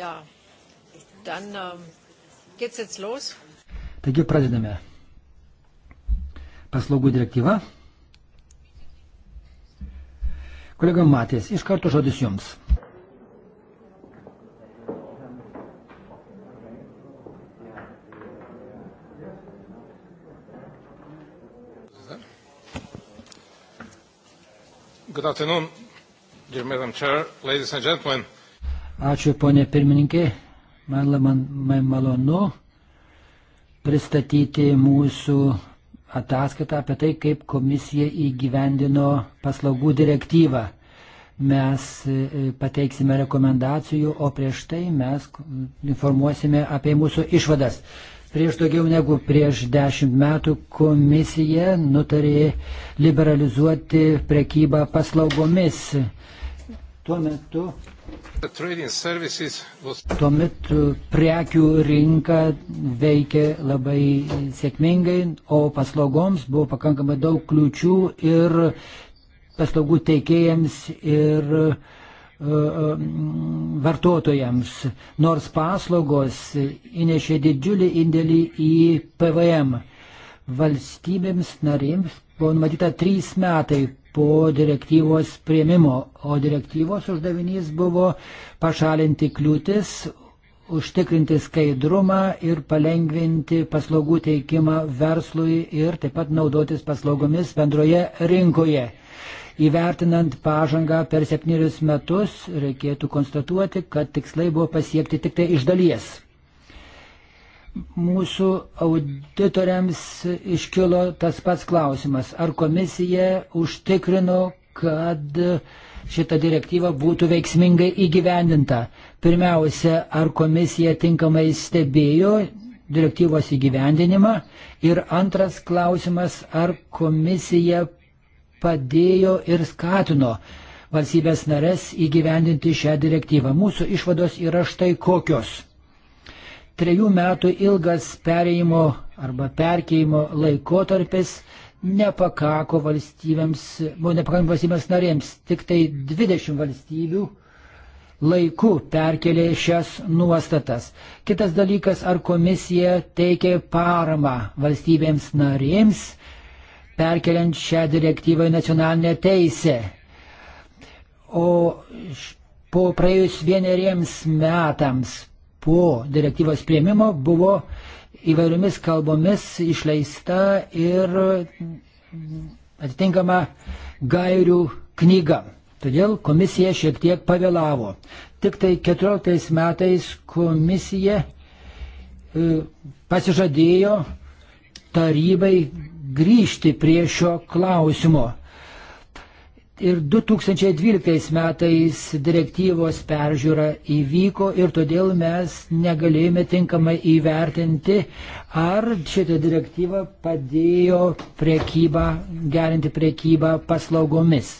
Ja, dann geht's jetzt los. Taigi pradedame. Paslaugų direktyva. Kolega Matės, iš karto žodis jums. Good afternoon, dear Madam Chair, ladies and gentlemen. Ačiū, ponė pirmininkė. Man labai malonu pristatyti mūsų ataskaitą apie tai, kaip komisija įgyvendino paslaugų direktyvą. Mes pateiksime rekomendacijų, o prieš tai mes informuosime apie mūsų išvadas. Prieš daugiau negu prieš dešimt metų komisija nutarė liberalizuoti prekybą paslaugomis. Tuo metu Tuomet prekių rinka veikė labai sėkmingai, o paslaugoms buvo pakankamai daug kliučių ir paslaugų teikėjams ir vartotojams, nors paslaugos įnešė didžiulį indėlį į PVM. Valstybėms narėms buvo numatyta trys metai po direktyvos prieimimo, o direktyvos uždavinys buvo pašalinti kliūtis, užtikrinti skaidrumą ir palengvinti paslaugų teikimą verslui ir taip pat naudotis paslaugomis bendroje rinkoje. Įvertinant pažangą per septynerius metus, reikėtų konstatuoti, kad tikslai buvo pasiekti tik tai iš dalies mūsų auditoriams iškilo tas pats klausimas, ar komisija užtikrino, kad šita direktyva būtų veiksmingai įgyvendinta. Pirmiausia, ar komisija tinkamai stebėjo direktyvos įgyvendinimą ir antras klausimas, ar komisija padėjo ir skatino valstybės narės įgyvendinti šią direktyvą. Mūsų išvados yra štai kokios trejų metų ilgas perėjimo arba perkeimo laikotarpis nepakako valstybėms, buvo nepakankam valstybėms narėms, tik tai 20 valstybių laiku perkelė šias nuostatas. Kitas dalykas, ar komisija teikė paramą valstybėms narėms, perkeliant šią direktyvą į nacionalinę teisę. O po praėjus vieneriems metams po direktyvos prieimimo buvo įvairiomis kalbomis išleista ir atitinkama gairių knyga. Todėl komisija šiek tiek pavėlavo. Tik tai 14 metais komisija pasižadėjo tarybai grįžti prie šio klausimo ir 2012 metais direktyvos peržiūra įvyko ir todėl mes negalėjome tinkamai įvertinti, ar šitą direktyva padėjo prekybą, gerinti prekybą paslaugomis.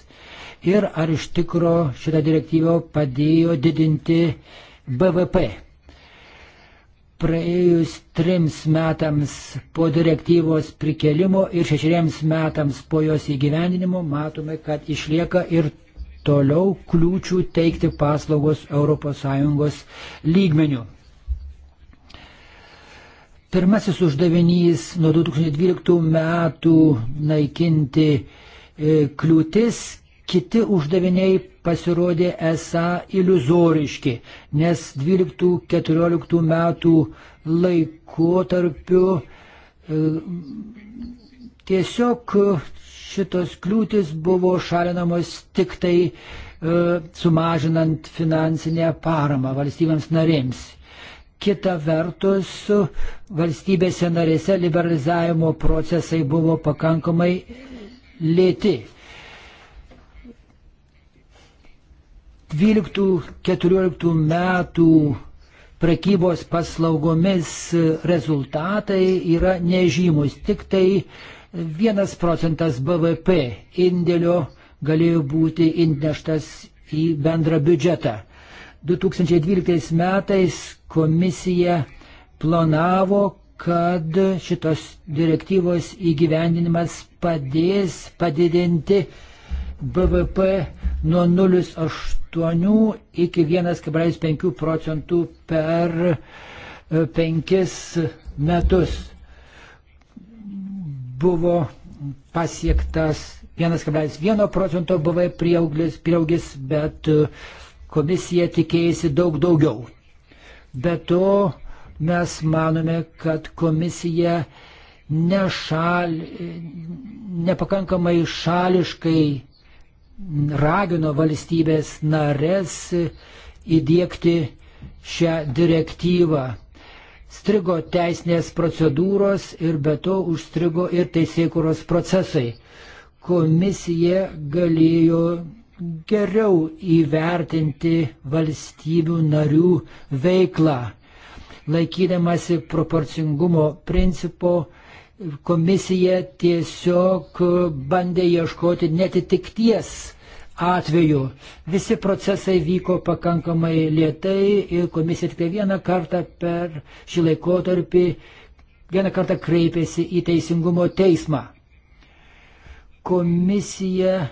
Ir ar iš tikro šitą direktyva padėjo didinti BVP praėjus trims metams po direktyvos prikelimo ir šešiems metams po jos įgyvendinimo matome, kad išlieka ir toliau kliūčių teikti paslaugos ES lygmenių. Pirmasis uždavinys nuo 2012 metų naikinti kliūtis, kiti uždaviniai pasirodė esą iliuzoriški, nes 12-14 metų laikotarpiu tiesiog šitos kliūtis buvo šalinamos tik tai sumažinant finansinę paramą valstybėms narėms. Kita vertus, valstybėse narėse liberalizavimo procesai buvo pakankamai lėti. 12-14 metų prekybos paslaugomis rezultatai yra nežymus. Tik tai 1 procentas BVP indėlio galėjo būti indneštas į bendrą biudžetą. 2012 metais komisija planavo, kad šitos direktyvos įgyvendinimas padės padidinti BVP nuo 0,8 iki 1,5 procentų per penkis metus. Buvo pasiektas 1,1 procento buvo prieaugis, bet komisija tikėjasi daug daugiau. Be to mes manome, kad komisija nešal, nepakankamai šališkai ragino valstybės nares įdėkti šią direktyvą. Strigo teisinės procedūros ir be to užstrigo ir teisėkuros procesai. Komisija galėjo geriau įvertinti valstybių narių veiklą. Laikydamasi proporcingumo principo, komisija tiesiog bandė ieškoti netitikties atveju. Visi procesai vyko pakankamai lietai ir komisija tik vieną kartą per šį laikotarpį vieną kartą kreipėsi į Teisingumo teismą. Komisija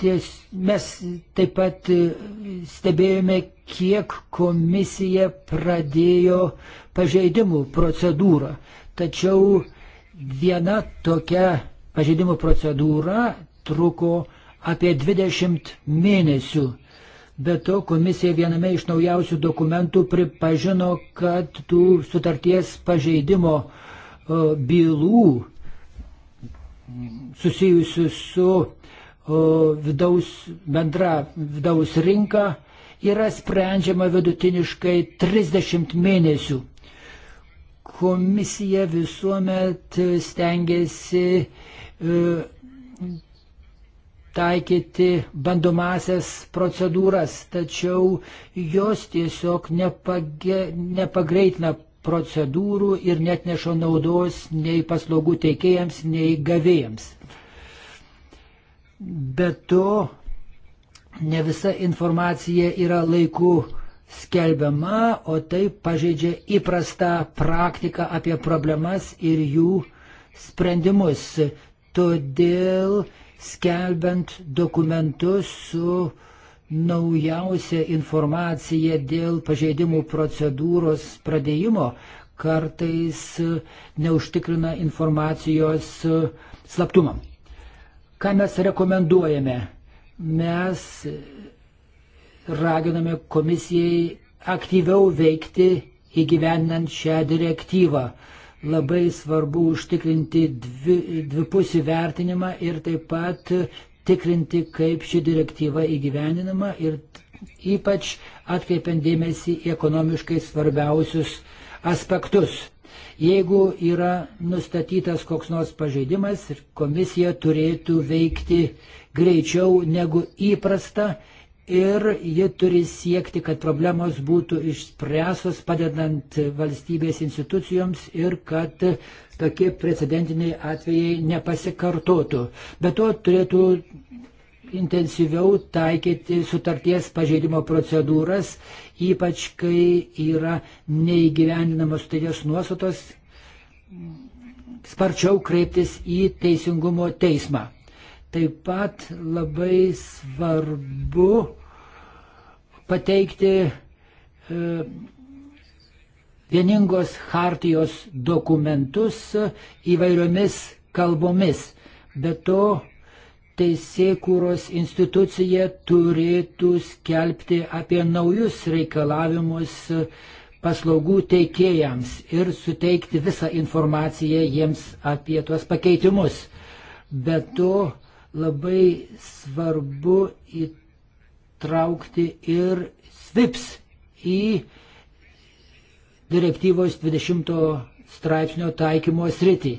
ties, mes taip pat stebėjome, kiek komisija pradėjo pažeidimų procedūrą. Tačiau viena tokia pažeidimų procedūra truko apie 20 mėnesių. Be to komisija viename iš naujausių dokumentų pripažino, kad tų sutarties pažeidimo bylų susijusių su vidaus, bendra vidaus rinka yra sprendžiama vidutiniškai 30 mėnesių. Komisija visuomet stengiasi taikyti bandomasias procedūras, tačiau jos tiesiog nepage, nepagreitina procedūrų ir net neša naudos nei paslaugų teikėjams, nei gavėjams. Be to, ne visa informacija yra laiku skelbiama, o tai pažeidžia įprastą praktiką apie problemas ir jų sprendimus. Todėl skelbiant dokumentus su naujausia informacija dėl pažeidimų procedūros pradėjimo kartais neužtikrina informacijos slaptumam. Ką mes rekomenduojame? Mes raginame komisijai aktyviau veikti įgyvendant šią direktyvą. Labai svarbu užtikrinti dvi, dvipusį vertinimą ir taip pat tikrinti, kaip ši direktyva įgyveninama ir ypač atkreipiant dėmesį į ekonomiškai svarbiausius aspektus. Jeigu yra nustatytas koks nors pažeidimas, komisija turėtų veikti greičiau negu įprasta ir ji turi siekti, kad problemos būtų išspręsos padedant valstybės institucijoms ir kad tokie precedentiniai atvejai nepasikartotų. Be to turėtų intensyviau taikyti sutarties pažeidimo procedūras, ypač kai yra neįgyvendinamos sutarties nuostatos, sparčiau kreiptis į teisingumo teismą. Taip pat labai svarbu pateikti vieningos hartijos dokumentus įvairiomis kalbomis. Be to, teisėkūros institucija turėtų skelbti apie naujus reikalavimus paslaugų teikėjams ir suteikti visą informaciją jiems apie tuos pakeitimus. Be to labai svarbu įtraukti ir SWIPS į direktyvos 20 straipsnio taikymo sritį.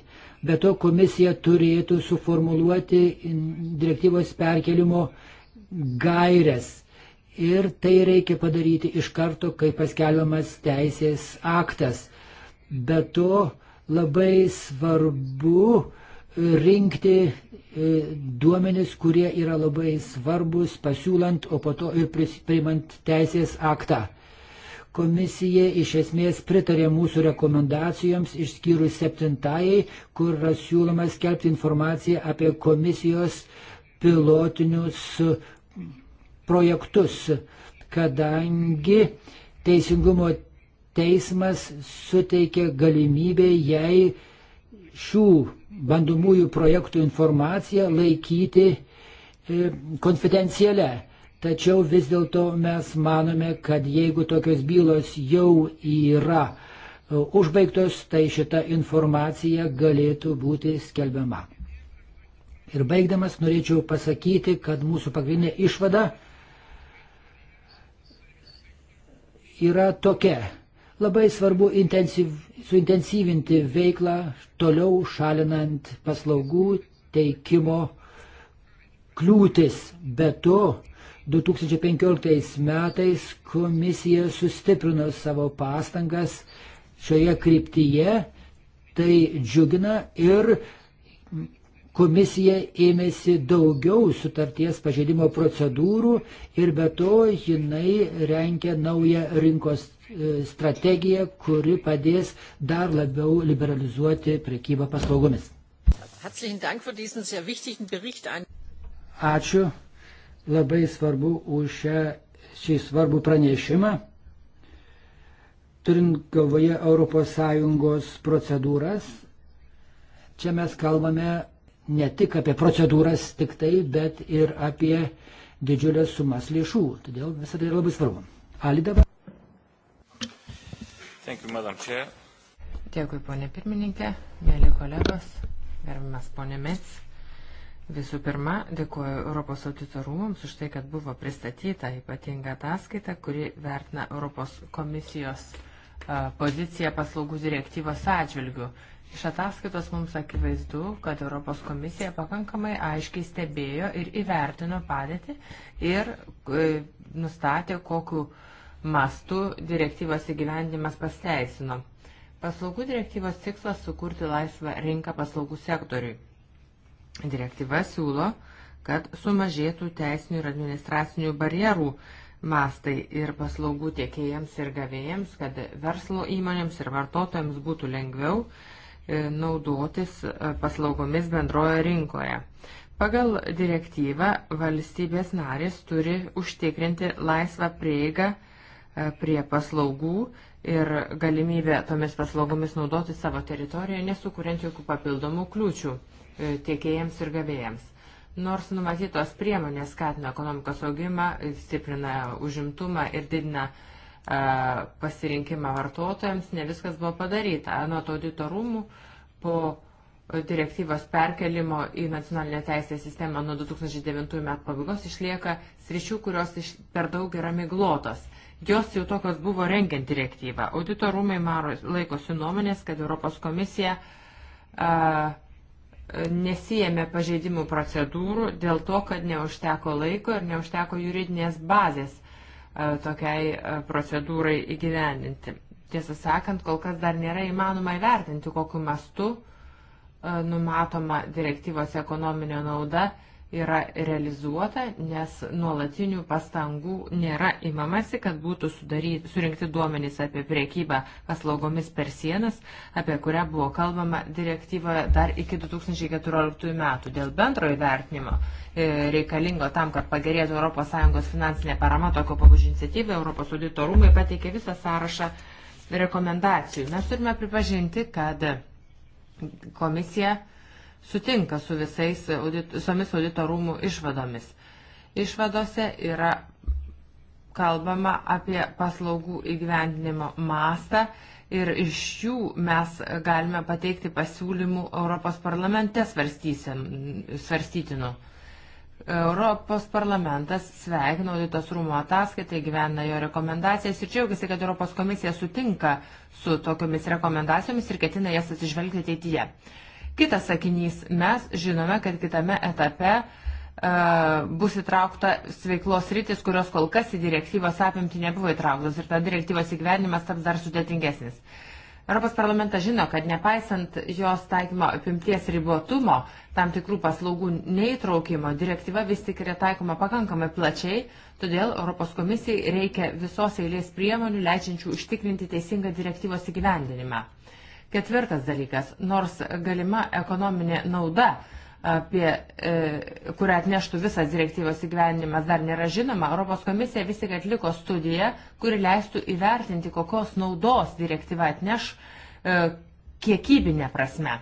Be to komisija turėtų suformuluoti direktyvos perkelimo gairės Ir tai reikia padaryti iš karto, kai paskelbiamas teisės aktas. Be to labai svarbu rinkti duomenis, kurie yra labai svarbus pasiūlant, o po to ir priimant teisės aktą. Komisija iš esmės pritarė mūsų rekomendacijoms išskyrus septintajai, kur yra siūloma skelbti informaciją apie komisijos pilotinius projektus, kadangi Teisingumo teismas suteikė galimybę jai šių bandomųjų projektų informaciją laikyti konfidencialę. Tačiau vis dėlto mes manome, kad jeigu tokios bylos jau yra užbaigtos, tai šita informacija galėtų būti skelbiama. Ir baigdamas norėčiau pasakyti, kad mūsų pagrindinė išvada yra tokia. Labai svarbu intensyv, suintensyvinti veiklą toliau šalinant paslaugų teikimo kliūtis. Be to, 2015 metais komisija sustiprino savo pastangas šioje kryptyje, tai džiugina ir komisija ėmėsi daugiau sutarties pažeidimo procedūrų ir be to jinai renkia naują rinkos strategiją, kuri padės dar labiau liberalizuoti prekybą paslaugomis. Ačiū labai svarbu už šią, šį svarbų pranešimą, turint galvoje ES procedūras. Čia mes kalbame ne tik apie procedūras tik tai, bet ir apie didžiulės sumas lėšų. Todėl visą tai yra labai svarbu. Ali dabar. Dėkui, ponė pirmininkė, mėly kolegos, gerbimas ponė Mets. Visų pirma, dėkuoju Europos audito rūmams už tai, kad buvo pristatyta ypatinga ataskaita, kuri vertina Europos komisijos poziciją paslaugų direktyvos atžvilgių. Iš ataskaitos mums akivaizdu, kad Europos komisija pakankamai aiškiai stebėjo ir įvertino padėtį ir nustatė, kokiu mastu direktyvos įgyvendimas pasteisino. Paslaugų direktyvos tikslas sukurti laisvą rinką paslaugų sektoriui. Direktyva siūlo, kad sumažėtų teisinių ir administracinių barjerų mastai ir paslaugų tiekėjams ir gavėjams, kad verslo įmonėms ir vartotojams būtų lengviau naudotis paslaugomis bendroje rinkoje. Pagal direktyvą valstybės narės turi užtikrinti laisvą prieigą prie paslaugų ir galimybę tomis paslaugomis naudoti savo teritoriją, nesukuriant jokių papildomų kliūčių tiekėjams ir gavėjams. Nors numatytos priemonės skatina ekonomikos augimą, stiprina užimtumą ir didina pasirinkimą vartotojams, ne viskas buvo padaryta. Anot audito rūmų po direktyvos perkelimo į nacionalinę teisę sistemą nuo 2009 metų pabaigos išlieka sričių, kurios iš, per daug yra miglotos. Jos jau tokios buvo rengiant direktyvą. Audito rūmai laikosi nuomonės, kad Europos komisija nesijėmė pažeidimų procedūrų dėl to, kad neužteko laiko ir neužteko juridinės bazės tokiai procedūrai įgyvendinti. Tiesą sakant, kol kas dar nėra įmanoma įvertinti, kokiu mastu numatoma direktyvos ekonominė nauda yra realizuota, nes nuolatinių pastangų nėra imamasi, kad būtų sudaryti, surinkti duomenys apie priekybą paslaugomis per sienas, apie kurią buvo kalbama direktyvoje dar iki 2014 metų. Dėl bendro įvertinimo reikalingo tam, kad pagerėtų ES finansinė parama tokio pabudžio iniciatyvą, Europos audito rūmai pateikė visą sąrašą rekomendacijų. Mes turime pripažinti, kad komisija sutinka su visais, visomis audito rūmų išvadomis. Išvadose yra kalbama apie paslaugų įgyvendinimo mastą ir iš jų mes galime pateikti pasiūlymų Europos parlamente svarstytinų. Europos parlamentas sveikina auditos rūmų ataskaitą, gyvena jo rekomendacijas ir džiaugiasi, kad Europos komisija sutinka su tokiomis rekomendacijomis ir ketina jas atsižvelgti ateityje. Kitas sakinys, mes žinome, kad kitame etape bus įtraukta sveiklos rytis, kurios kol kas į direktyvos apimti nebuvo įtrauktos ir ta direktyvos įgyvenimas taps dar sudėtingesnis. Europos parlamentas žino, kad nepaisant jos taikymo apimties ribotumo, tam tikrų paslaugų neįtraukimo, direktyva vis tik yra taikoma pakankamai plačiai, todėl Europos komisijai reikia visos eilės priemonių, leidžiančių užtikrinti teisingą direktyvos įgyvendinimą. Ketvirtas dalykas, nors galima ekonominė nauda apie kurią atneštų visas direktyvos įgyvenimas dar nėra žinoma, Europos komisija vis tik atliko studiją, kuri leistų įvertinti, kokios naudos direktyva atneš kiekybinė prasme.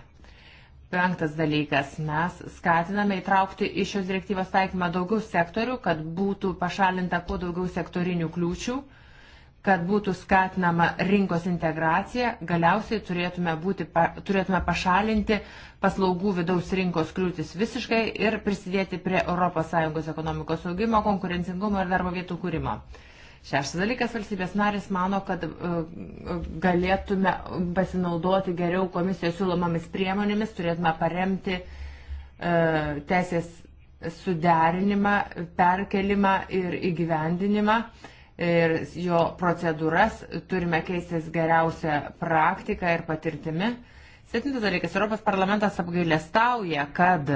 Penktas dalykas, mes skatiname įtraukti iš šios direktyvos taikymą daugiau sektorių, kad būtų pašalinta kuo daugiau sektorinių kliūčių kad būtų skatinama rinkos integracija, galiausiai turėtume, būti, turėtume pašalinti paslaugų vidaus rinkos kliūtis visiškai ir prisidėti prie ES ekonomikos augimo, konkurencingumo ir darbo vietų kūrimo. Šeštas dalykas, valstybės narės mano, kad galėtume pasinaudoti geriau komisijos siūlomomis priemonėmis, turėtume paremti teisės suderinimą, perkelimą ir įgyvendinimą ir jo procedūras, turime keistis geriausią praktiką ir patirtimi. Septintas dalykas, Europos parlamentas apgailestauja, kad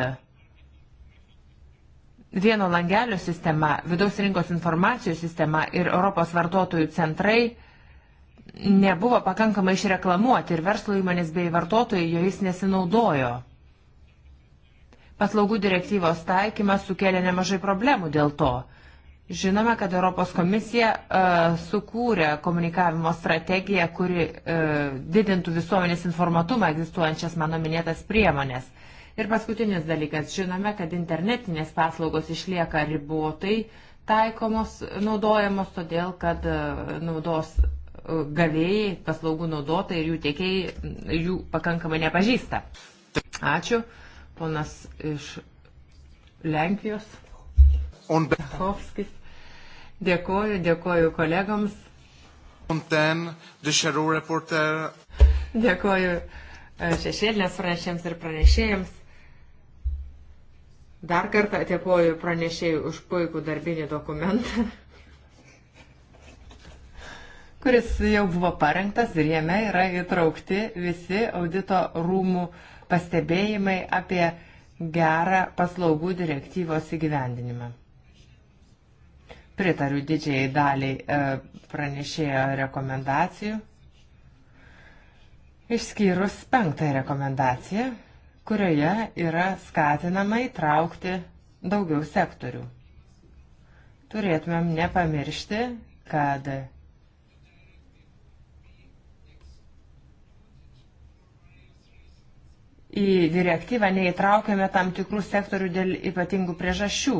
vieno langelio sistema, vidaus rinkos informacijos sistema ir Europos vartotojų centrai nebuvo pakankamai išreklamuoti ir verslo įmonės bei vartotojai jo jis nesinaudojo. Paslaugų direktyvos taikymas sukėlė nemažai problemų dėl to. Žinome, kad Europos komisija uh, sukūrė komunikavimo strategiją, kuri uh, didintų visuomenės informatumą egzistuojančias mano minėtas priemonės. Ir paskutinis dalykas, žinome, kad internetinės paslaugos išlieka ribotai taikomos, naudojamos, todėl kad uh, naudos uh, gavėjai, paslaugų naudotojai ir jų tiekėjai jų pakankamai nepažįsta. Ačiū, ponas iš Lenkijos. Dachovskis. Dėkoju, dėkoju kolegams. ten, reporter. Dėkoju šešėlės pranešėjams ir pranešėjams. Dar kartą dėkoju pranešėjui už puikų darbinį dokumentą kuris jau buvo parengtas ir jame yra įtraukti visi audito rūmų pastebėjimai apie gerą paslaugų direktyvos įgyvendinimą. Pritariu didžiai daliai pranešėjo rekomendacijų, išskyrus penktąją rekomendaciją, kurioje yra skatinama įtraukti daugiau sektorių. Turėtumėm nepamiršti, kad į direktyvą neįtraukėme tam tikrų sektorių dėl ypatingų priežasčių.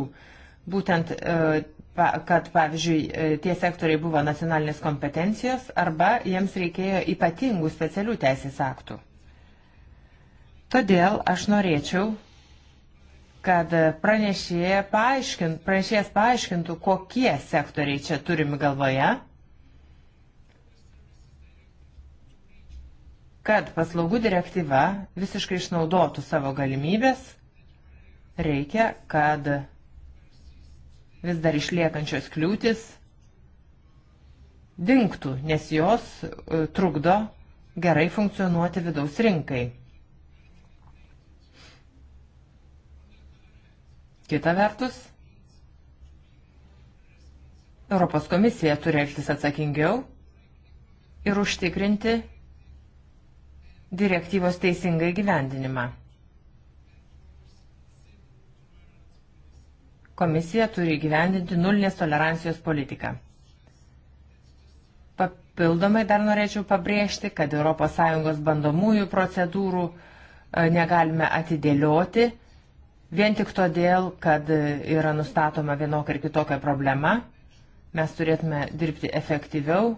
Būtent e, kad, pavyzdžiui, tie sektoriai buvo nacionalinės kompetencijos arba jiems reikėjo ypatingų specialių teisės aktų. Todėl aš norėčiau, kad pranešėjas paaiškint, paaiškintų, kokie sektoriai čia turimi galvoje, kad paslaugų direktyva visiškai išnaudotų savo galimybės, reikia, kad vis dar išliekančios kliūtis dinktų, nes jos trukdo gerai funkcionuoti vidaus rinkai. Kita vertus, Europos komisija turi elgtis atsakingiau ir užtikrinti direktyvos teisingą įgyvendinimą. Komisija turi gyvendinti nulinės tolerancijos politiką. Papildomai dar norėčiau pabrėžti, kad ES bandomųjų procedūrų negalime atidėlioti vien tik todėl, kad yra nustatoma vienokia ir kitokia problema. Mes turėtume dirbti efektyviau,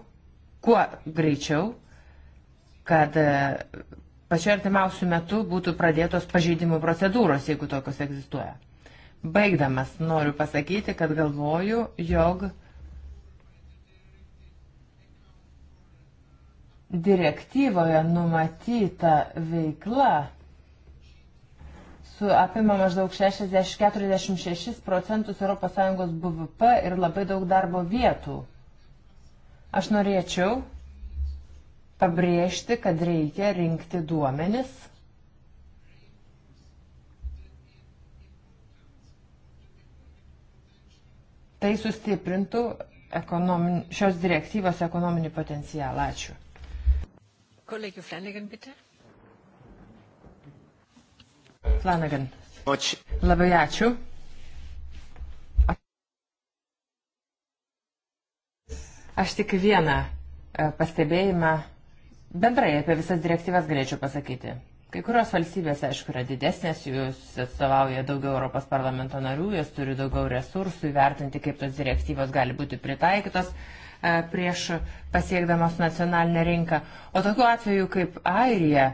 kuo greičiau, kad pačiu artimiausiu metu būtų pradėtos pažeidimų procedūros, jeigu tokios egzistuoja. Baigdamas noriu pasakyti, kad galvoju, jog direktyvoje numatyta veikla su apima maždaug 46 procentus ES BVP ir labai daug darbo vietų. Aš norėčiau pabrėžti, kad reikia rinkti duomenis Tai sustiprintų ekonomin, šios direktyvos ekonominį potencialą. Ačiū. Kolegiu Flanagan, bitte. Flanagan. Labai ačiū. Aš tik vieną pastebėjimą bendrai apie visas direktyvas galėčiau pasakyti. Kai kurios valstybės, aišku, yra didesnės, jūs atstovauja daugiau Europos parlamento narių, jos turi daugiau resursų įvertinti, kaip tos direktyvos gali būti pritaikytos prieš pasiekdamas nacionalinę rinką. O tokiu atveju kaip Airija,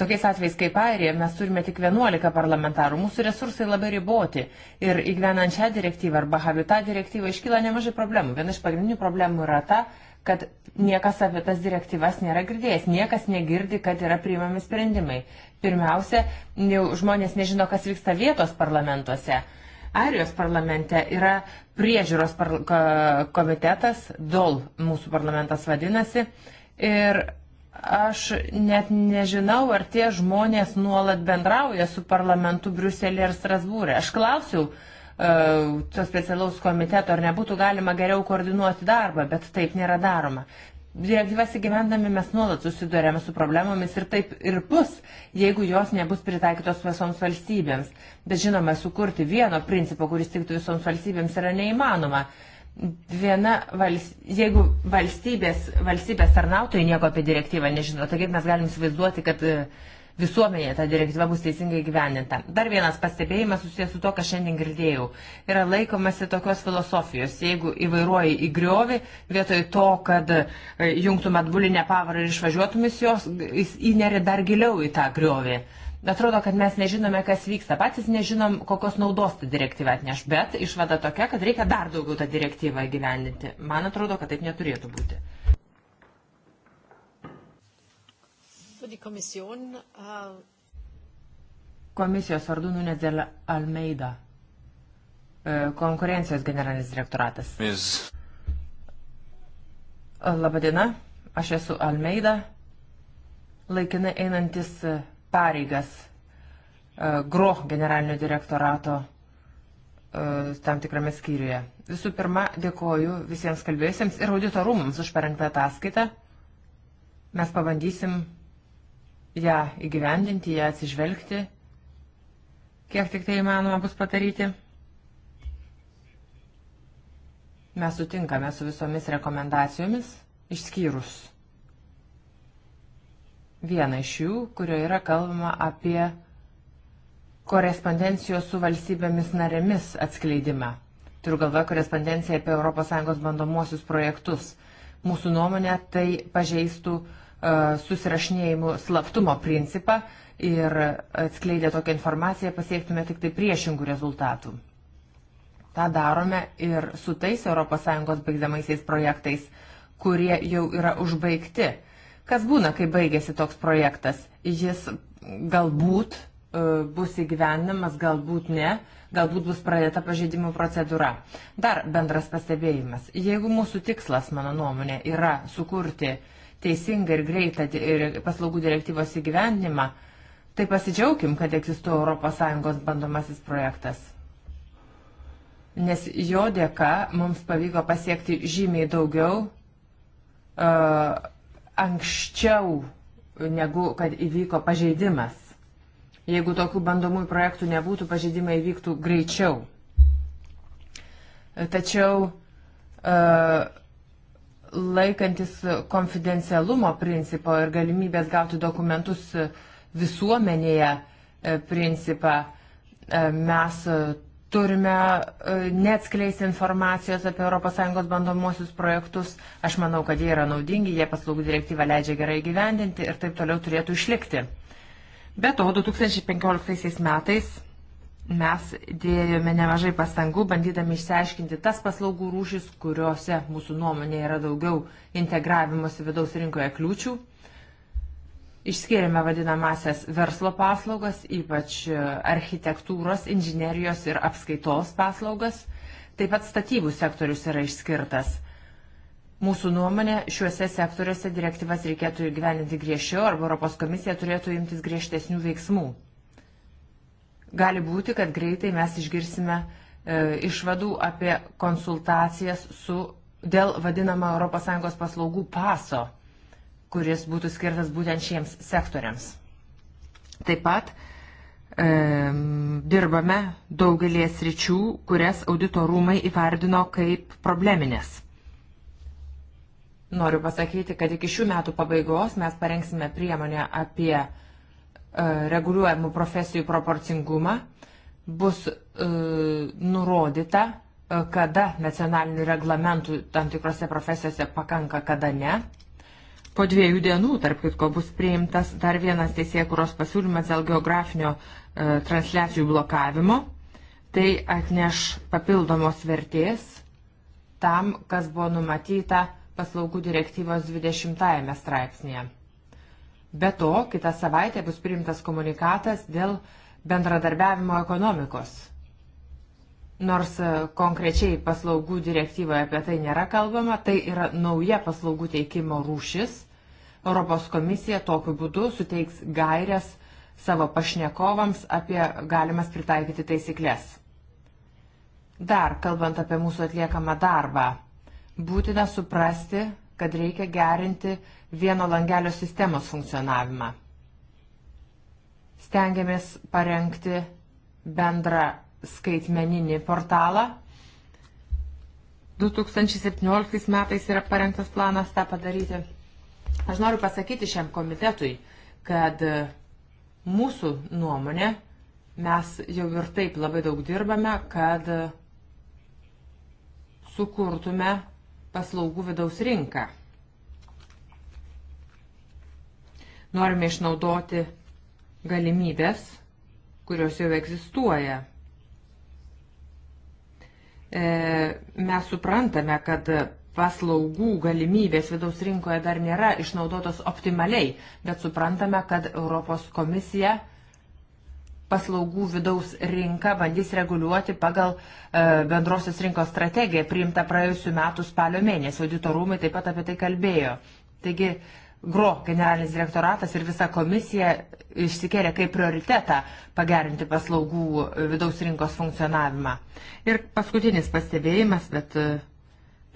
Tokiais atvejais kaip Airija mes turime tik 11 parlamentarų, mūsų resursai labai riboti ir įgyvenant šią direktyvą arba Habitat direktyvą iškyla nemažai problemų. Viena iš pagrindinių problemų yra ta, kad niekas apie tas direktyvas nėra girdėjęs, niekas negirdi, kad yra priimami sprendimai. Pirmiausia, žmonės nežino, kas vyksta vietos parlamentuose. Arijos parlamente yra priežiūros komitetas, DOL mūsų parlamentas vadinasi, ir aš net nežinau, ar tie žmonės nuolat bendrauja su parlamentu Briuselėje ir Strasbūrė. Aš klausiau, to specialaus komiteto, ar nebūtų galima geriau koordinuoti darbą, bet taip nėra daroma. Direktyvas įgyvendami mes nuolat susidurėme su problemomis ir taip ir bus, jeigu jos nebus pritaikytos visoms valstybėms. Bet žinoma, sukurti vieno principo, kuris tiktų visoms valstybėms, yra neįmanoma. Viena vals... Jeigu valstybės, valstybės tarnautojai nieko apie direktyvą nežino, tai kaip mes galim įsivaizduoti, kad visuomenėje ta direktyva bus teisingai gyveninta. Dar vienas pastebėjimas susijęs su to, ką šiandien girdėjau. Yra laikomasi tokios filosofijos, jeigu įvairuoji į griovį, vietoj to, kad jungtum atbulinę pavarą ir išvažiuotum iš jos, jis įneri dar giliau į tą griovį. Atrodo, kad mes nežinome, kas vyksta. Patys nežinom, kokios naudos ta direktyva atneš, bet išvada tokia, kad reikia dar daugiau tą direktyvą gyveninti. Man atrodo, kad taip neturėtų būti. Komisijos vardu Nunedzel Almeida, konkurencijos generalinis direktoratas. Yes. Labadiena, aš esu Almeida, laikinai einantis pareigas GRO generalinio direktorato tam tikrame skyriuje. Visų pirma, dėkoju visiems kalbėjusiems ir auditorumams už parengtą ataskaitą. Mes pabandysim ją įgyvendinti, ją atsižvelgti, kiek tik tai įmanoma bus padaryti. Mes sutinkame su visomis rekomendacijomis, išskyrus vieną iš jų, kurioje yra kalbama apie korespondencijos su valstybėmis narėmis atskleidimą. Turiu galvoje korespondenciją apie ES bandomuosius projektus. Mūsų nuomonė tai pažeistų susirašinėjimų slaptumo principą ir atskleidę tokią informaciją pasiektume tik tai priešingų rezultatų. Ta darome ir su tais ES baigdamaisiais projektais, kurie jau yra užbaigti. Kas būna, kai baigėsi toks projektas? Jis galbūt bus įgyvenimas, galbūt ne, galbūt bus pradėta pažeidimo procedūra. Dar bendras pastebėjimas. Jeigu mūsų tikslas, mano nuomonė, yra sukurti teisingą ir greitą paslaugų direktyvos įgyvenimą, tai pasidžiaugim, kad egzistuoja ES bandomasis projektas. Nes jo dėka mums pavyko pasiekti žymiai daugiau uh, anksčiau, negu kad įvyko pažeidimas. Jeigu tokių bandomųjų projektų nebūtų, pažeidimai vyktų greičiau. Tačiau laikantis konfidencialumo principo ir galimybės gauti dokumentus visuomenėje principą, mes turime neatskleisti informacijos apie ES bandomuosius projektus. Aš manau, kad jie yra naudingi, jie paslaugų direktyvą leidžia gerai gyvendinti ir taip toliau turėtų išlikti. Be to, 2015 metais mes dėjome nemažai pastangų, bandydami išsiaiškinti tas paslaugų rūšis, kuriuose mūsų nuomonė yra daugiau integravimosi vidaus rinkoje kliūčių. Išskiriame vadinamasias verslo paslaugas, ypač architektūros, inžinerijos ir apskaitos paslaugas. Taip pat statybų sektorius yra išskirtas – Mūsų nuomonė, šiuose sektoriuose direktyvas reikėtų įgyveninti griežčiau arba Europos komisija turėtų imtis griežtesnių veiksmų. Gali būti, kad greitai mes išgirsime e, išvadų apie konsultacijas su dėl vadinamą ES paslaugų paso, kuris būtų skirtas būtent šiems sektoriams. Taip pat e, dirbame daugelės ryčių, kurias audito rūmai įvardino kaip probleminės. Noriu pasakyti, kad iki šių metų pabaigos mes parengsime priemonę apie reguliuojamų profesijų proporcingumą. Bus nurodyta, kada nacionalinių reglamentų tam tikrose profesijose pakanka, kada ne. Po dviejų dienų, tarp kitko, bus priimtas dar vienas kurios pasiūlymas dėl geografinio transliacijų blokavimo. Tai atneš papildomos vertės tam, kas buvo numatyta paslaugų direktyvos 20 straipsnėje. Be to, kitą savaitę bus priimtas komunikatas dėl bendradarbiavimo ekonomikos. Nors konkrečiai paslaugų direktyvoje apie tai nėra kalbama, tai yra nauja paslaugų teikimo rūšis. Europos komisija tokiu būdu suteiks gairias savo pašnekovams apie galimas pritaikyti taisyklės. Dar kalbant apie mūsų atliekamą darbą, būtina suprasti, kad reikia gerinti vieno langelio sistemos funkcionavimą. Stengiamės parengti bendrą skaitmeninį portalą. 2017 metais yra parengtas planas tą padaryti. Aš noriu pasakyti šiam komitetui, kad mūsų nuomonė, mes jau ir taip labai daug dirbame, kad sukurtume paslaugų vidaus rinką. Norime išnaudoti galimybės, kurios jau egzistuoja. mes suprantame, kad paslaugų galimybės vidaus rinkoje dar nėra išnaudotos optimaliai, bet suprantame, kad Europos komisija paslaugų vidaus rinką bandys reguliuoti pagal bendrosios rinkos strategiją priimtą praėjusiu metu spalio mėnesį. Auditorumai taip pat apie tai kalbėjo. Taigi, GRO generalinis direktoratas ir visa komisija išsikėlė kaip prioritetą pagerinti paslaugų vidaus rinkos funkcionavimą. Ir paskutinis pastebėjimas, bet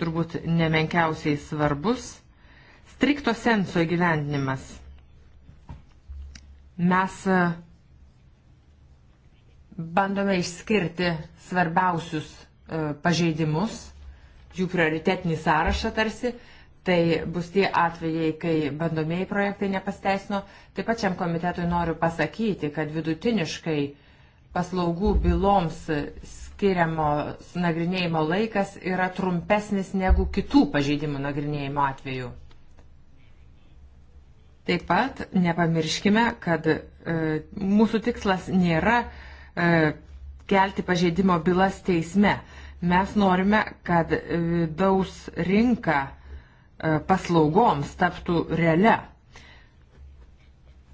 turbūt nemenkiausiai svarbus strikto senso įgyvendinimas. Mes bandome išskirti svarbiausius pažeidimus, jų prioritetinį sąrašą tarsi, tai bus tie atvejai, kai bandomieji projektai nepasteisino. Taip pat šiam komitetui noriu pasakyti, kad vidutiniškai paslaugų byloms skiriamos nagrinėjimo laikas yra trumpesnis negu kitų pažeidimų nagrinėjimo atveju. Taip pat nepamirškime, kad e, mūsų tikslas nėra kelti pažeidimo bylas teisme. Mes norime, kad vidaus rinka paslaugoms taptų realia.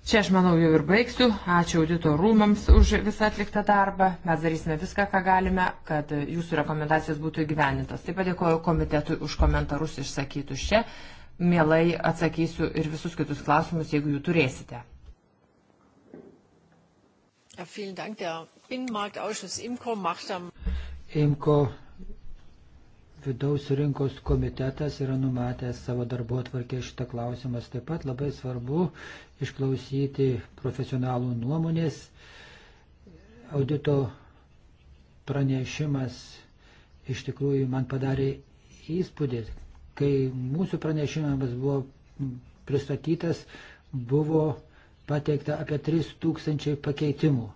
Čia aš manau jau ir baigsiu. Ačiū audito rūmams už visą atliktą darbą. Mes darysime viską, ką galime, kad jūsų rekomendacijos būtų įgyvenintos. Taip pat dėkoju komitetui už komentarus išsakytus čia. Mielai atsakysiu ir visus kitus klausimus, jeigu jų turėsite. Ja, vielen Dank. Der Binnenmarktausschuss IMCO macht am. IMCO vidaus rinkos komitetas yra numatęs savo darbo atvarkę šitą klausimą. Taip pat labai svarbu išklausyti profesionalų nuomonės. Audito pranešimas iš tikrųjų man padarė įspūdį. Kai mūsų pranešimas buvo pristatytas, buvo pateikta apie 3000 pakeitimų.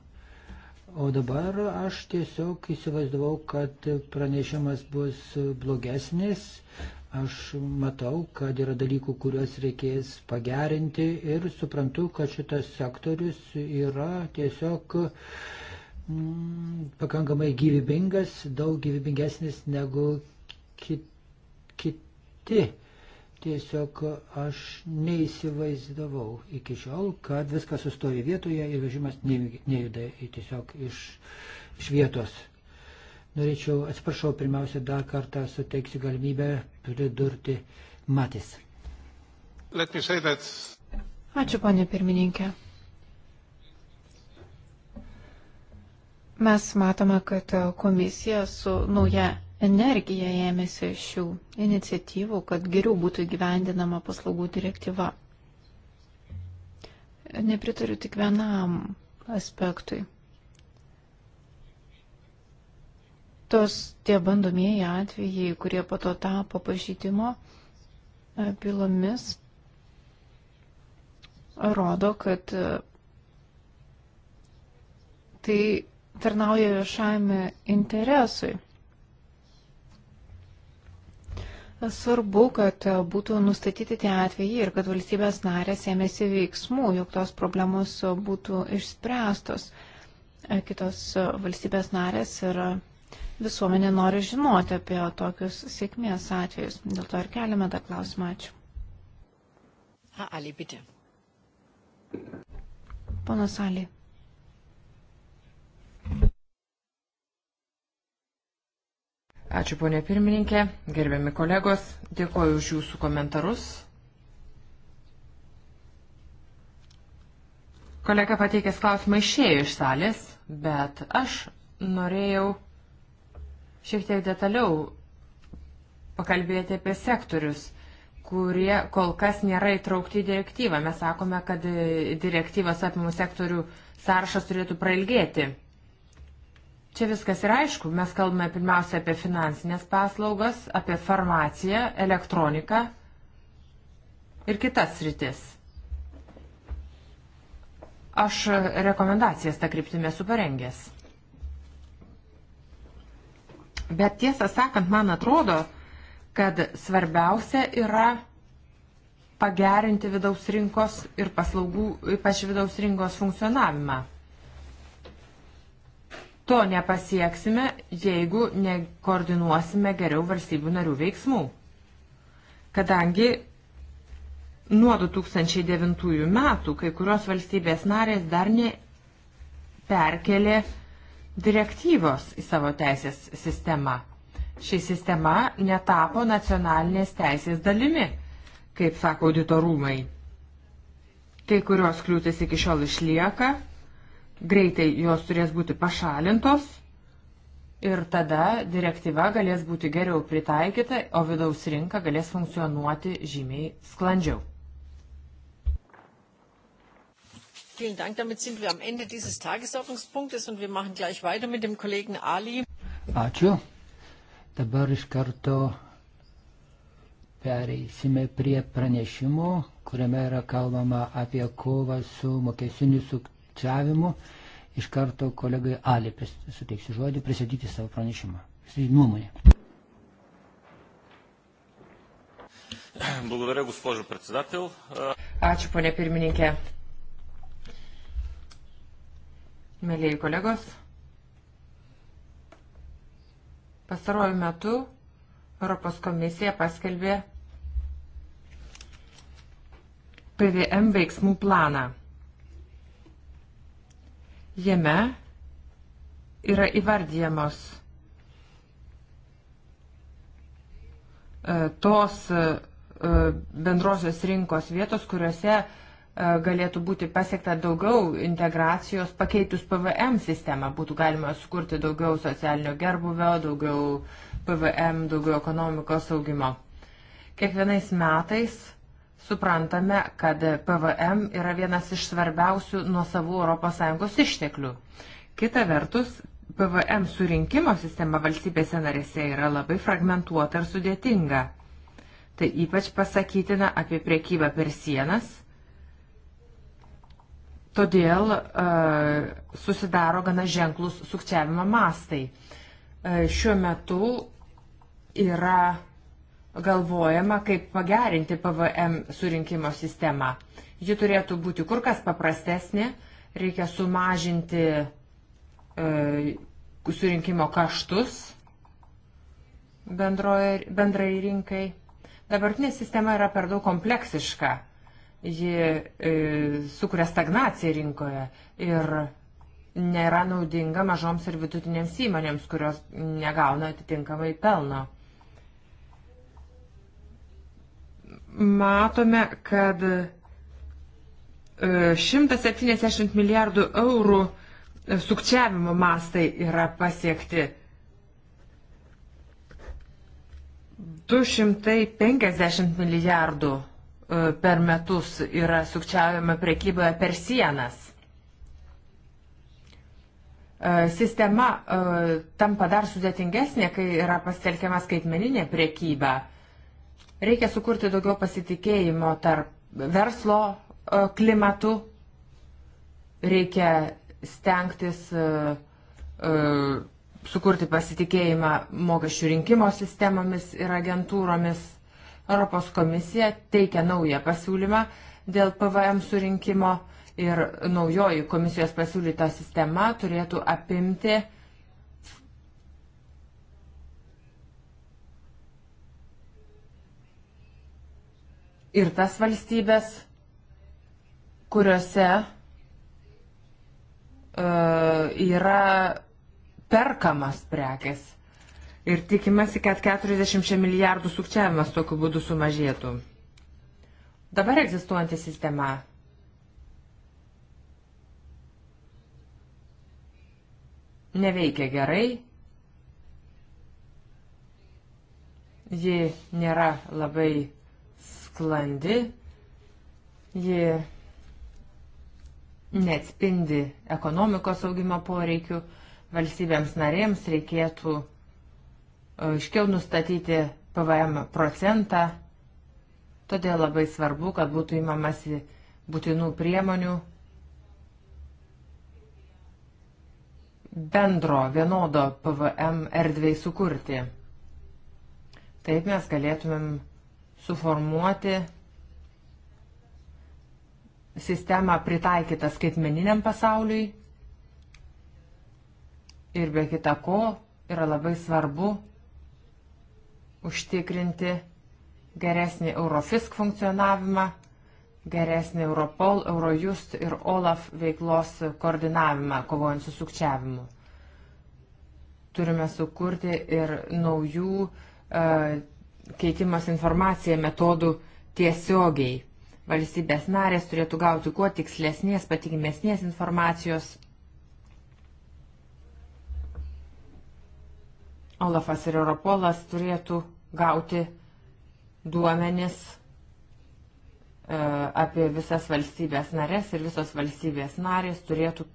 O dabar aš tiesiog įsivaizdavau, kad pranešimas bus blogesnis. Aš matau, kad yra dalykų, kuriuos reikės pagerinti ir suprantu, kad šitas sektorius yra tiesiog mm, pakankamai gyvybingas, daug gyvybingesnis negu kit, kiti Tiesiog aš neįsivaizdavau iki šiol, kad viskas sustoja vietoje ir vežimas nejuda tiesiog iš, iš vietos. Norėčiau, atsiprašau, pirmiausia, dar kartą suteiksiu galimybę pridurti matys. Ačiū, ponė pirmininkė. Mes matome, kad komisija su nauja energiją ėmėsi šių iniciatyvų, kad geriau būtų gyvendinama paslaugų direktyva. Nepritariu tik vienam aspektui. Tos tie bandomieji atvejai, kurie po to tapo pažydimo pilomis, rodo, kad tai tarnauja viešajame interesui. Svarbu, kad būtų nustatyti tie atvejai ir kad valstybės narės ėmėsi veiksmų, jog tos problemos būtų išspręstos. Kitos valstybės narės ir visuomenė nori žinoti apie tokius sėkmės atvejus. Dėl to ir keliame tą klausimą. Ačiū. Ponas Ali. Ačiū, ponė pirmininkė, gerbiami kolegos, dėkuoju už jūsų komentarus. Kolega pateikęs klausimą išėjo iš salės, bet aš norėjau šiek tiek detaliau pakalbėti apie sektorius, kurie kol kas nėra įtraukti į direktyvą. Mes sakome, kad direktyvas apimų sektorių sąrašas turėtų prailgėti. Čia viskas yra aišku. Mes kalbame pirmiausia apie finansinės paslaugas, apie farmaciją, elektroniką ir kitas sritis. Aš rekomendacijas tą kryptimę esu parengęs. Bet tiesą sakant, man atrodo, kad svarbiausia yra pagerinti vidaus rinkos ir paslaugų, ypač vidaus rinkos funkcionavimą. To nepasieksime, jeigu nekoordinuosime geriau valstybių narių veiksmų. Kadangi nuo 2009 metų kai kurios valstybės narės dar neperkelė direktyvos į savo teisės sistemą. Ši sistema netapo nacionalinės teisės dalimi, kaip sako auditorumai. Kai kurios kliūtis iki šiol išlieka greitai jos turės būti pašalintos ir tada direktyva galės būti geriau pritaikyta, o vidaus rinka galės funkcionuoti žymiai sklandžiau. Ačiū. Dabar iš karto pereisime prie pranešimo, kuriame yra kalbama apie kovą su mokesiniu sukčiavimu sukčiavimu. Iš karto kolegai Ali suteiksiu žodį prisidyti savo pranešimą. Jis nuomonė. Ačiū, ponė pirmininkė. Mėlėjai kolegos, pastaruoju metu Europos komisija paskelbė PVM veiksmų planą. Jame yra įvardyjamos tos bendrosios rinkos vietos, kuriuose galėtų būti pasiekta daugiau integracijos, pakeitus PVM sistemą, būtų galima sukurti daugiau socialinio gerbuvio, daugiau PVM, daugiau ekonomikos augimo. Kiekvienais metais suprantame, kad PVM yra vienas iš svarbiausių nuo savų ES išteklių. Kita vertus, PVM surinkimo sistema valstybėse narėse yra labai fragmentuota ir sudėtinga. Tai ypač pasakytina apie priekybą per sienas. Todėl e, susidaro gana ženklus sukčiavimo mastai. E, šiuo metu yra galvojama, kaip pagerinti PVM surinkimo sistemą. Ji turėtų būti kur kas paprastesnė, reikia sumažinti e, surinkimo kaštus bendroje, bendrai rinkai. Dabartinė sistema yra per daug kompleksiška. Ji e, sukuria stagnaciją rinkoje ir nėra naudinga mažoms ir vidutinėms įmonėms, kurios negauna atitinkamai pelno. matome, kad 170 milijardų eurų sukčiavimo mastai yra pasiekti. 250 milijardų per metus yra sukčiavimo prekyboje per sienas. Sistema tampa dar sudėtingesnė, kai yra pasitelkiama skaitmeninė prekyba Reikia sukurti daugiau pasitikėjimo tarp verslo klimatų, reikia stengtis sukurti pasitikėjimą mokesčių rinkimo sistemomis ir agentūromis. Europos komisija teikia naują pasiūlymą dėl PVM surinkimo ir naujoji komisijos pasiūlyta sistema turėtų apimti uh, ir tas valstybės, kuriuose uh, yra perkamas prekės. Ir tikimasi, kad 40 milijardų sukčiavimas tokiu būdu sumažėtų. Dabar egzistuojanti sistema neveikia gerai, ji nėra labai sklandi, ji neatspindi ekonomikos augimo poreikių, valstybėms narėms reikėtų iškiau nustatyti PVM procentą, todėl labai svarbu, kad būtų įmamasi būtinų priemonių bendro vienodo PVM erdvėj sukurti. Taip mes galėtumėm suformuoti sistemą pritaikytą skaitmeniniam pasauliui ir be kita ko yra labai svarbu užtikrinti geresnį Eurofisk funkcionavimą, geresnį Europol, Eurojust ir OLAF veiklos koordinavimą kovojant su sukčiavimu. Turime sukurti ir naujų e, keitimas informacija metodų tiesiogiai. Valstybės narės turėtų gauti kuo tikslesnės, patikimesnės informacijos. Olafas ir Europolas turėtų gauti duomenis apie visas valstybės narės ir visos valstybės narės turėtų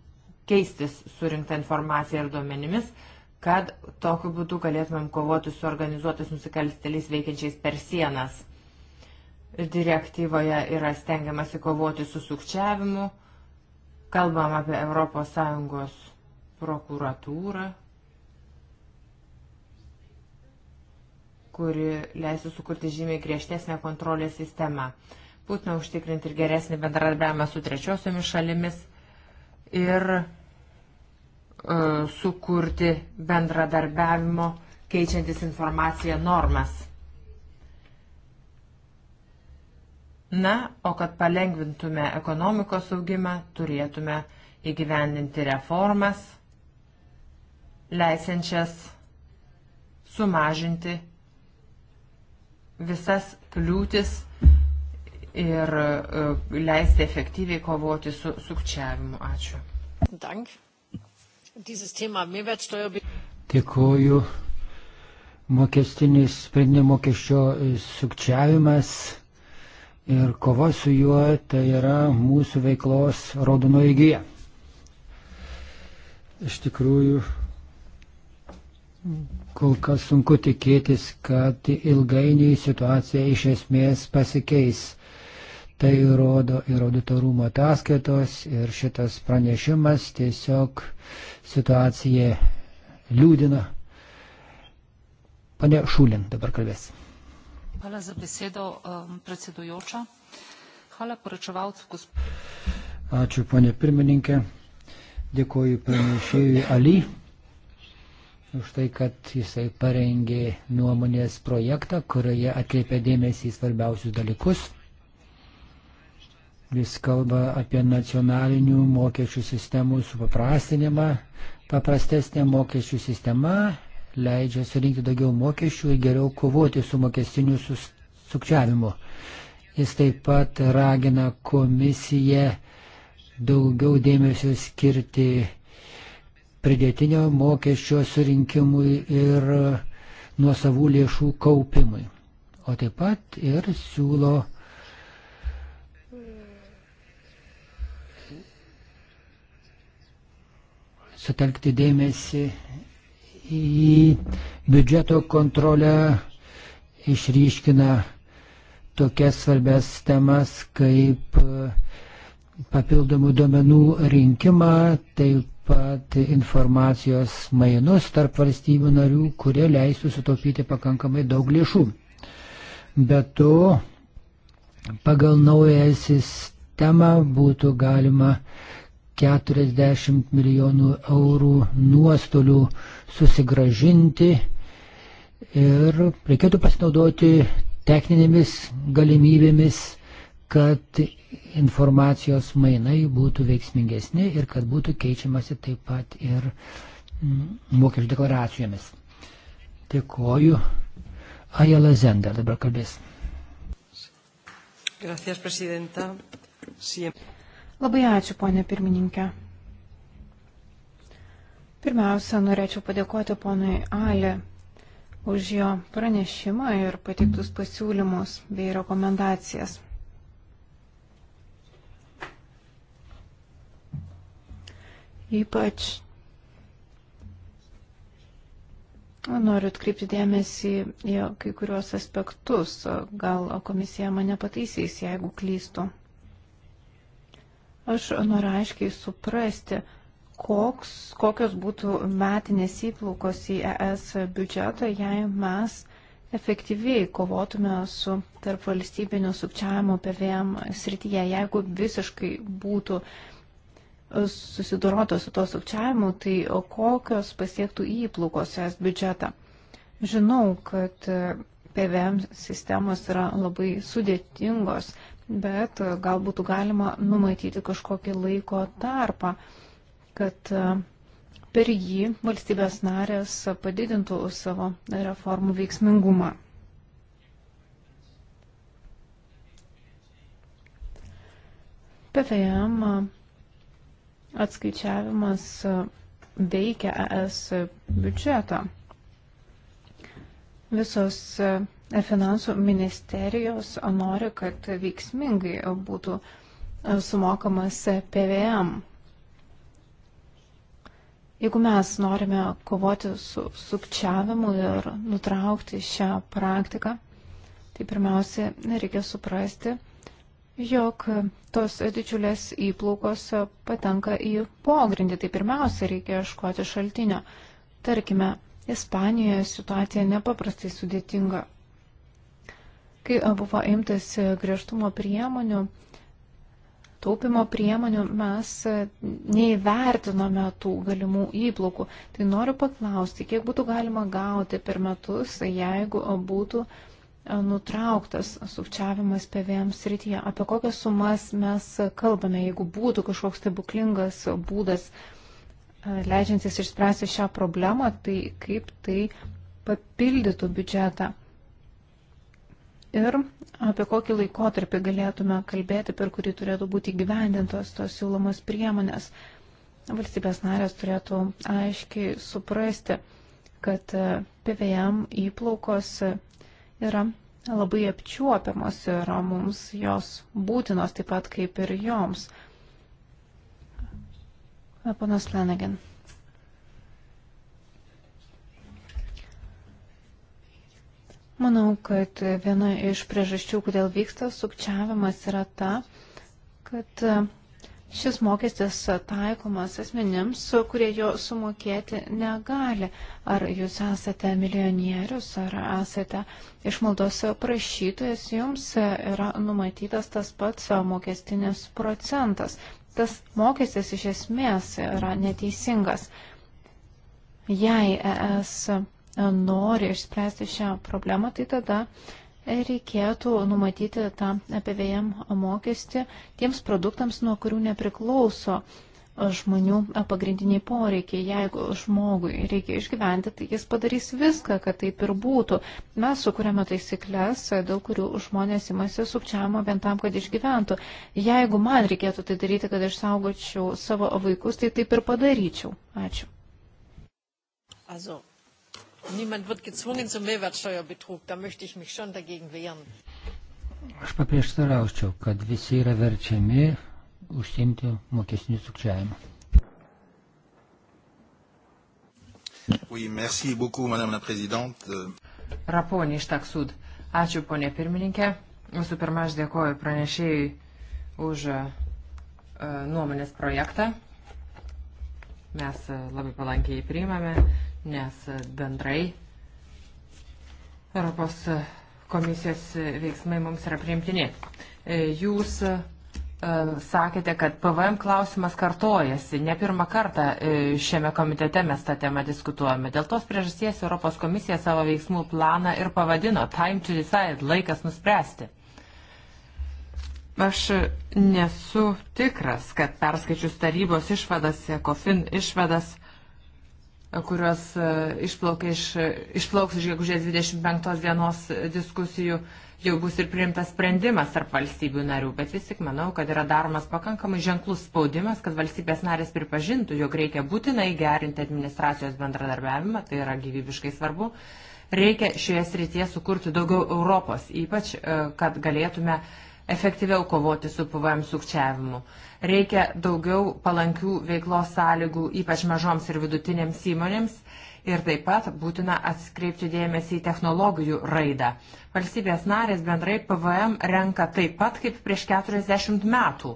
keistis surinktą informaciją ir duomenimis, kad tokiu būdu galėtumėm kovoti su organizuotais nusikalsteliais veikiančiais per sienas. Direktyvoje yra stengiamasi kovoti su sukčiavimu, kalbam apie ES prokuratūrą, kuri leisų sukurti žymiai griežtesnę kontrolės sistemą. Būtina užtikrinti ir geresnį bendradarbiavimą su trečiosiomis šalimis ir sukurti bendradarbiavimo keičiantis informaciją normas. Na, o kad palengvintume ekonomikos augimą, turėtume įgyvendinti reformas, leisiančias sumažinti visas kliūtis ir leisti efektyviai kovoti su sukčiavimu. Ačiū. Dank. Dėkuoju. Mokestinis sprendimo mokesčio sukčiavimas ir kova su juo tai yra mūsų veiklos raudonoji įgyja. Iš tikrųjų, Kol kas sunku tikėtis, kad ilgainiui situacija iš esmės pasikeis. Tai rodo ir auditorumo ataskaitos, ir šitas pranešimas tiesiog situacija liūdina. Pane Šulin dabar kalbės. Hvala za besedo, predsedujoča. Hvala poročevalcu, gospod. Ačiū, ponė pirmininkė. Dėkuoju pranešėjui Ali už tai, kad jisai parengė nuomonės projektą, kurioje atkreipė dėmesį į svarbiausius dalykus vis kalba apie nacionalinių mokesčių sistemų supaprastinimą. Paprastesnė mokesčių sistema leidžia surinkti daugiau mokesčių ir geriau kovoti su mokestiniu sukčiavimu. Jis taip pat ragina komisiją daugiau dėmesio skirti pridėtinio mokesčio surinkimui ir nuosavų lėšų kaupimui. O taip pat ir siūlo sutelkti dėmesį į biudžeto kontrolę, išryškina tokias svarbias temas kaip papildomų duomenų rinkimą, taip pat informacijos mainus tarp valstybių narių, kurie leistų sutaupyti pakankamai daug lėšų. Be to, pagal naują sistemą būtų galima 40 milijonų eurų nuostolių susigražinti ir reikėtų pasinaudoti techninėmis galimybėmis, kad informacijos mainai būtų veiksmingesni ir kad būtų keičiamasi taip pat ir mokesčių deklaracijomis. Dėkoju. Aja lazenda dabar kalbės. Gracias, presidenta. Siempre. Labai ačiū, ponė pirmininkė. Pirmiausia, norėčiau padėkoti ponui Ali už jo pranešimą ir pateiktus pasiūlymus bei rekomendacijas. Ypač noriu atkreipti dėmesį į kai kuriuos aspektus. Gal komisija mane pataisys, jeigu klystu. Aš noriu aiškiai suprasti, koks, kokios būtų metinės įplaukos į ES biudžetą, jei mes efektyviai kovotume su tarp valstybinio sukčiavimo PVM srityje, jeigu visiškai būtų susidoroto su to sukčiavimu, tai kokios pasiektų įplaukos ES biudžetą. Žinau, kad PVM sistemos yra labai sudėtingos, bet gal būtų galima numatyti kažkokį laiko tarpą, kad per jį valstybės narės padidintų savo reformų veiksmingumą. PVM atskaičiavimas veikia ES biudžetą. Visos finansų ministerijos nori, kad veiksmingai būtų sumokamas PVM. Jeigu mes norime kovoti su sukčiavimu ir nutraukti šią praktiką, tai pirmiausia, reikia suprasti, jog tos didžiulės įplaukos patenka į pogrindį. Tai pirmiausia, reikia iškoti šaltinio. Tarkime, Ispanijoje situacija nepaprastai sudėtinga. Kai buvo imtas griežtumo priemonių, taupimo priemonių, mes neįvertinome tų galimų įplaukų. Tai noriu paklausti, kiek būtų galima gauti per metus, jeigu būtų nutrauktas sukčiavimas PVM srityje. Apie kokias sumas mes kalbame, jeigu būtų kažkoks stebuklingas būdas leidžiantis išspręsti šią problemą, tai kaip tai papildytų biudžetą ir apie kokį laikotarpį galėtume kalbėti, per kurį turėtų būti gyvendintos tos siūlomos priemonės. Valstybės narės turėtų aiškiai suprasti, kad PVM įplaukos yra labai apčiuopiamos ir mums jos būtinos taip pat kaip ir joms. Ponas Lenagin. Manau, kad viena iš priežasčių, kodėl vyksta sukčiavimas, yra ta, kad šis mokestis taikomas asmenims, kurie jo sumokėti negali. Ar jūs esate milijonierius, ar esate išmaldos prašytojas, jums yra numatytas tas pats mokestinis procentas. Tas mokestis iš esmės yra neteisingas. Jei ES nori išspręsti šią problemą, tai tada reikėtų numatyti tą PVM mokestį tiems produktams, nuo kurių nepriklauso žmonių pagrindiniai poreikiai. Jeigu žmogui reikia išgyventi, tai jis padarys viską, kad taip ir būtų. Mes sukūrėme taisyklės, dėl kurių žmonės imasi sukčiavimo vien tam, kad išgyventų. Jeigu man reikėtų tai daryti, kad išsaugočiau savo vaikus, tai taip ir padaryčiau. Ačiū. Also, Niemand wird gezwungen zum Mehrwertsteuerbetrug. Da möchte ich mich schon dagegen wehren. Aš paprieštaraučiau, kad visi yra verčiami užsimti mokesnių sukčiavimą. Oui, merci beaucoup, madame la présidente. Raponė iš taksud. Ačiū, ponė pirmininkė. Visų pirma, aš dėkoju pranešėjui už nuomonės projektą. Mes labai palankiai priimame nes bendrai Europos komisijos veiksmai mums yra priimtini. Jūs sakėte, kad PVM klausimas kartojasi. Ne pirmą kartą šiame komitete mes tą temą diskutuojame. Dėl tos priežasties Europos komisija savo veiksmų planą ir pavadino Time to Decide, laikas nuspręsti. Aš nesu tikras, kad perskaičius tarybos išvadas, kofin išvadas, kurios išplaukė iš, išplauks iš gegužės 25 dienos diskusijų, jau bus ir priimtas sprendimas tarp valstybių narių. Bet vis tik manau, kad yra daromas pakankamai ženklus spaudimas, kad valstybės narės pripažintų, jog reikia būtinai gerinti administracijos bendradarbiavimą, tai yra gyvybiškai svarbu. Reikia šioje srityje sukurti daugiau Europos, ypač kad galėtume efektyviau kovoti su PVM sukčiavimu. Reikia daugiau palankių veiklos sąlygų, ypač mažoms ir vidutinėms įmonėms. Ir taip pat būtina atskreipti dėmesį į technologijų raidą. Valstybės narės bendrai PVM renka taip pat kaip prieš 40 metų.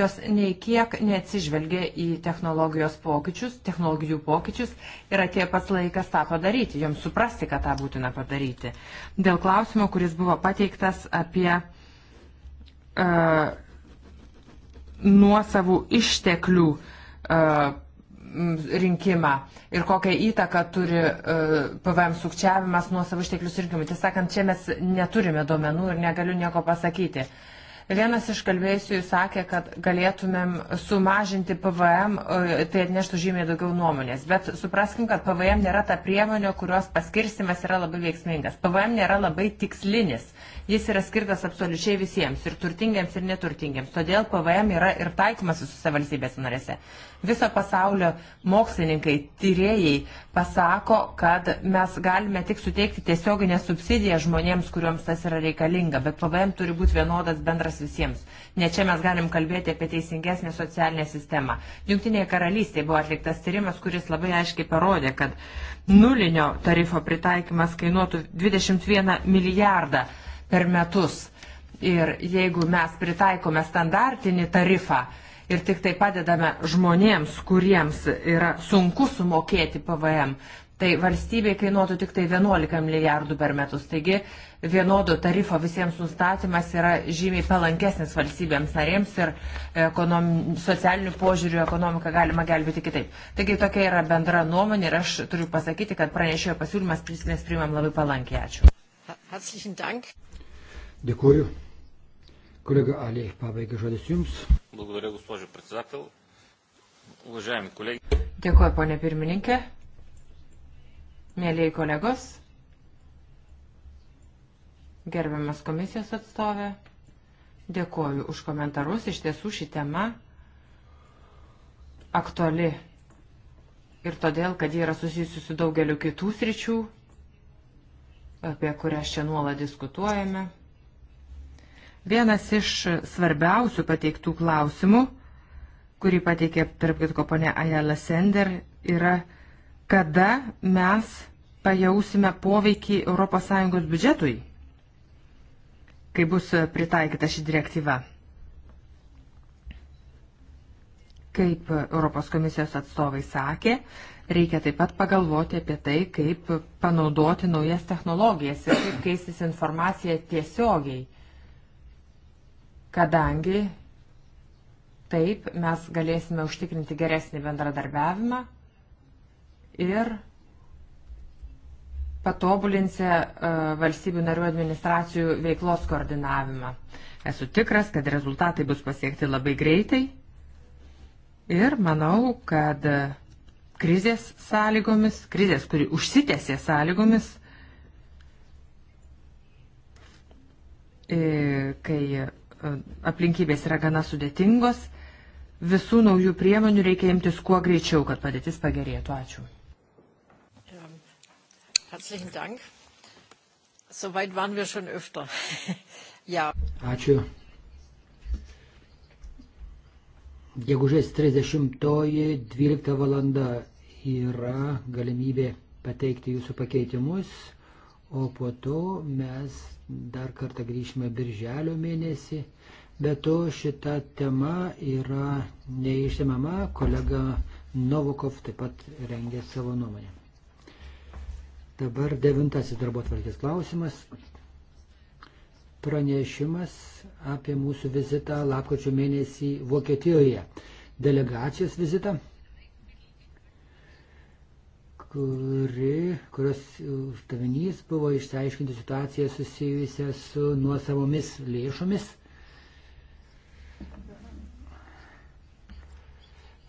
Jos nei kiek neatsižvelgia į technologijos pokyčius, technologijų pokyčius ir atėjo pats laikas tą padaryti, joms suprasti, kad tą būtina padaryti. Dėl klausimo, kuris buvo pateiktas apie uh, nuosavų išteklių rinkimą ir kokią įtaką turi PVM sukčiavimas nuo savo išteklius rinkimui. Tiesą sakant, čia mes neturime duomenų ir negaliu nieko pasakyti. Vienas iš kalbėjusių sakė, kad galėtumėm sumažinti PVM, tai atneštų žymiai daugiau nuomonės. Bet supraskim, kad PVM nėra ta priemonė, kurios paskirstimas yra labai veiksmingas. PVM nėra labai tikslinis. Jis yra skirtas absoliučiai visiems, ir turtingiems, ir neturtingiems. Todėl PVM yra ir taikomas visose valstybės narėse. Viso pasaulio mokslininkai, tyrėjai pasako, kad mes galime tik suteikti tiesioginę subsidiją žmonėms, kuriuoms tas yra reikalinga, bet PVM turi būti vienodas bendras prieinamas visiems. Ne čia mes galim kalbėti apie teisingesnę socialinę sistemą. Junktinėje karalystėje buvo atliktas tyrimas, kuris labai aiškiai parodė, kad nulinio tarifo pritaikymas kainuotų 21 milijardą per metus. Ir jeigu mes pritaikome standartinį tarifą ir tik tai padedame žmonėms, kuriems yra sunku sumokėti PVM, tai valstybei kainuotų tik tai 11 milijardų per metus. Taigi vienodo tarifo visiems nustatymas yra žymiai palankesnis valstybėms narėms ir ekonom, socialinių požiūrių ekonomiką galima gelbėti kitaip. Taigi tokia yra bendra nuomonė ir aš turiu pasakyti, kad pranešėjo pasiūlymas mes priimam labai palankiai. Ačiū. Dėkuoju. Kolega Ali, pabaiga žodis Jums. Благодаря, госпожо председател. Уважаеми колеги. Дякую, поне колегос. Gerbiamas komisijos atstovė, dėkoju už komentarus. Iš tiesų šį temą aktuali ir todėl, kad jie yra susijusi su daugeliu kitų sričių, apie kurias čia nuolat diskutuojame. Vienas iš svarbiausių pateiktų klausimų, kurį pateikė, tarp kitko, ponė Ayala Sender, yra, kada mes pajausime poveikį ES biudžetui kai bus pritaikyta ši direktyva. Kaip Europos komisijos atstovai sakė, reikia taip pat pagalvoti apie tai, kaip panaudoti naujas technologijas ir kaip keistis informaciją tiesiogiai, kadangi taip mes galėsime užtikrinti geresnį bendradarbiavimą ir patobulinsi valstybių narių administracijų veiklos koordinavimą. Esu tikras, kad rezultatai bus pasiekti labai greitai ir manau, kad krizės sąlygomis, krizės, kuri užsitėsė sąlygomis, kai aplinkybės yra gana sudėtingos, visų naujų priemonių reikia imtis kuo greičiau, kad padėtis pagerėtų. Ačiū. Herzlichen Dank. Soweit waren wir schon öfter. ja. Ačiū. Gegužės 30-12 oji valanda yra galimybė pateikti jūsų pakeitimus, o po to mes dar kartą grįžime birželio mėnesį. Be to šita tema yra neišsimama, kolega Novokov taip pat rengė savo nuomonę. Dabar devintasis darbotvarkės klausimas. Pranešimas apie mūsų vizitą lapkočio mėnesį Vokietijoje. Delegacijos vizitą, kuri, kurios uždavinys buvo išsiaiškinti situaciją susijusią su nuosavomis lėšomis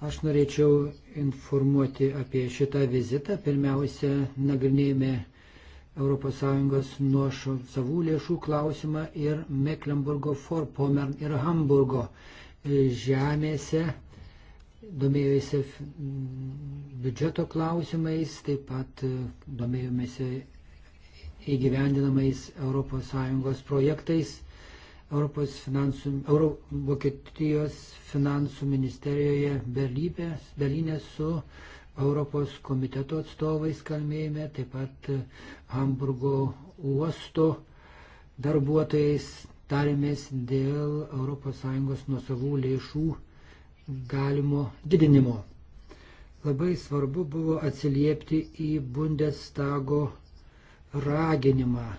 Aš norėčiau informuoti apie šitą vizitą. Pirmiausia, nagrinėjame ES nuo savų lėšų klausimą ir Mecklenburgo, Forpomern ir Hamburgo žemėse. domėjusi biudžeto klausimais, taip pat domėjomėsi įgyvendinamais ES projektais. Europos finansų, Euro, Vokietijos finansų ministerijoje Berlybės, Berlyne su Europos komiteto atstovais kalbėjome, taip pat Hamburgo uosto darbuotojais tarėmės dėl ES nuosavų lėšų galimo didinimo. Labai svarbu buvo atsiliepti į Bundestago raginimą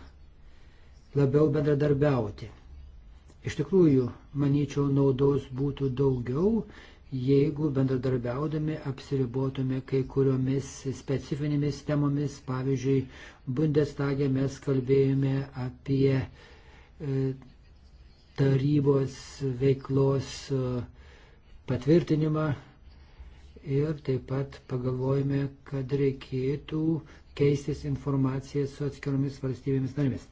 labiau bendradarbiauti. Iš tikrųjų, manyčiau, naudos būtų daugiau, jeigu bendradarbiaudami apsiribotume kai kuriomis specifinėmis temomis. Pavyzdžiui, Bundestagė mes kalbėjome apie tarybos veiklos patvirtinimą ir taip pat pagalvojame, kad reikėtų keistis informaciją su atskiromis valstybėmis narėmis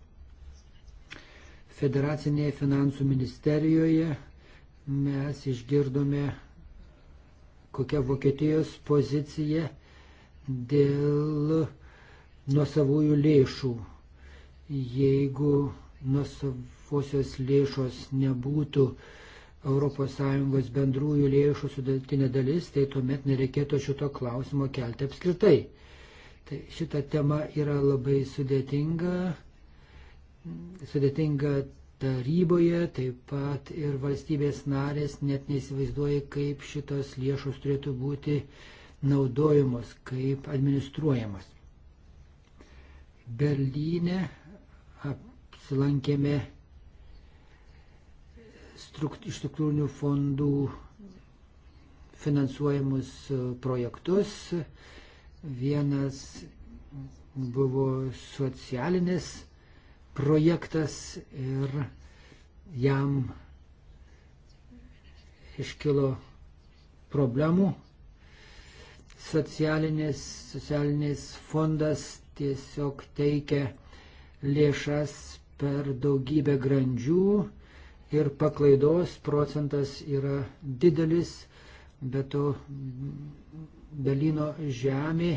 federacinėje finansų ministerijoje mes išgirdome, kokia Vokietijos pozicija dėl nuosavųjų lėšų. Jeigu nuosavosios lėšos nebūtų ES bendrųjų lėšų sudėtinė dalis, tai tuomet nereikėtų šito klausimo kelti apskritai. Tai šita tema yra labai sudėtinga, sudėtinga taryboje, taip pat ir valstybės narės net neįsivaizduoja, kaip šitos lėšos turėtų būti naudojamos, kaip administruojamas. Berlyne apsilankėme iš struktūrinių fondų finansuojamus projektus. Vienas buvo socialinis projektas ir jam iškilo problemų. Socialinis, socialinis fondas tiesiog teikia lėšas per daugybę grandžių ir paklaidos procentas yra didelis, bet to dalino žemė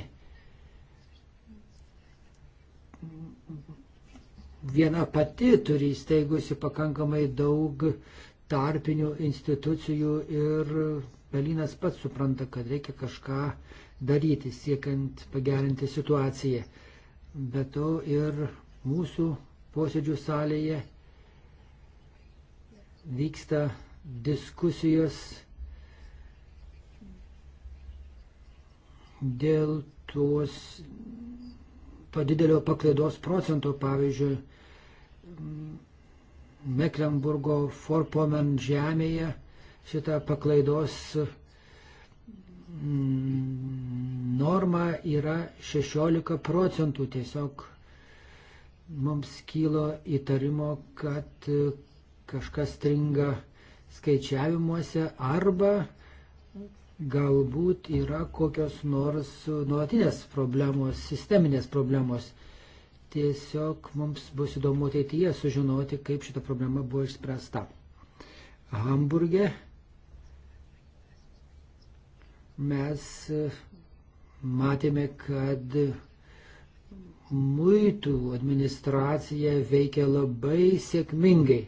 viena pati turi įsteigusi pakankamai daug tarpinių institucijų ir Berlynas pats supranta, kad reikia kažką daryti, siekiant pagerinti situaciją. Be to ir mūsų posėdžių salėje vyksta diskusijos dėl tuos to didelio paklaidos procento, pavyzdžiui, Mecklenburgo Forpomen žemėje šita paklaidos norma yra 16 procentų. Tiesiog mums kylo įtarimo, kad kažkas stringa skaičiavimuose arba Galbūt yra kokios nors nuolatinės problemos, sisteminės problemos. Tiesiog mums bus įdomu ateityje sužinoti, kaip šita problema buvo išspręsta. Hamburge mes matėme, kad muitų administracija veikia labai sėkmingai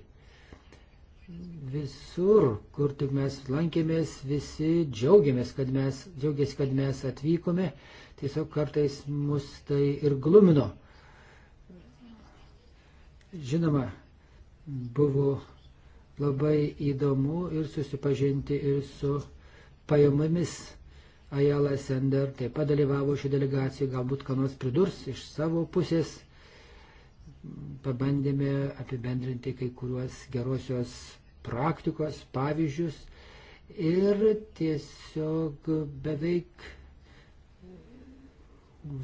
visur, kur tik mes lankėmės, visi džiaugiamės, kad mes, džiaugiasi, kad mes atvykome. Tiesiog kartais mus tai ir glumino. Žinoma, buvo labai įdomu ir susipažinti ir su pajamomis. Ajala Sender taip pat dalyvavo šio galbūt kanos nors pridurs iš savo pusės pabandėme apibendrinti kai kuriuos gerosios praktikos pavyzdžius ir tiesiog beveik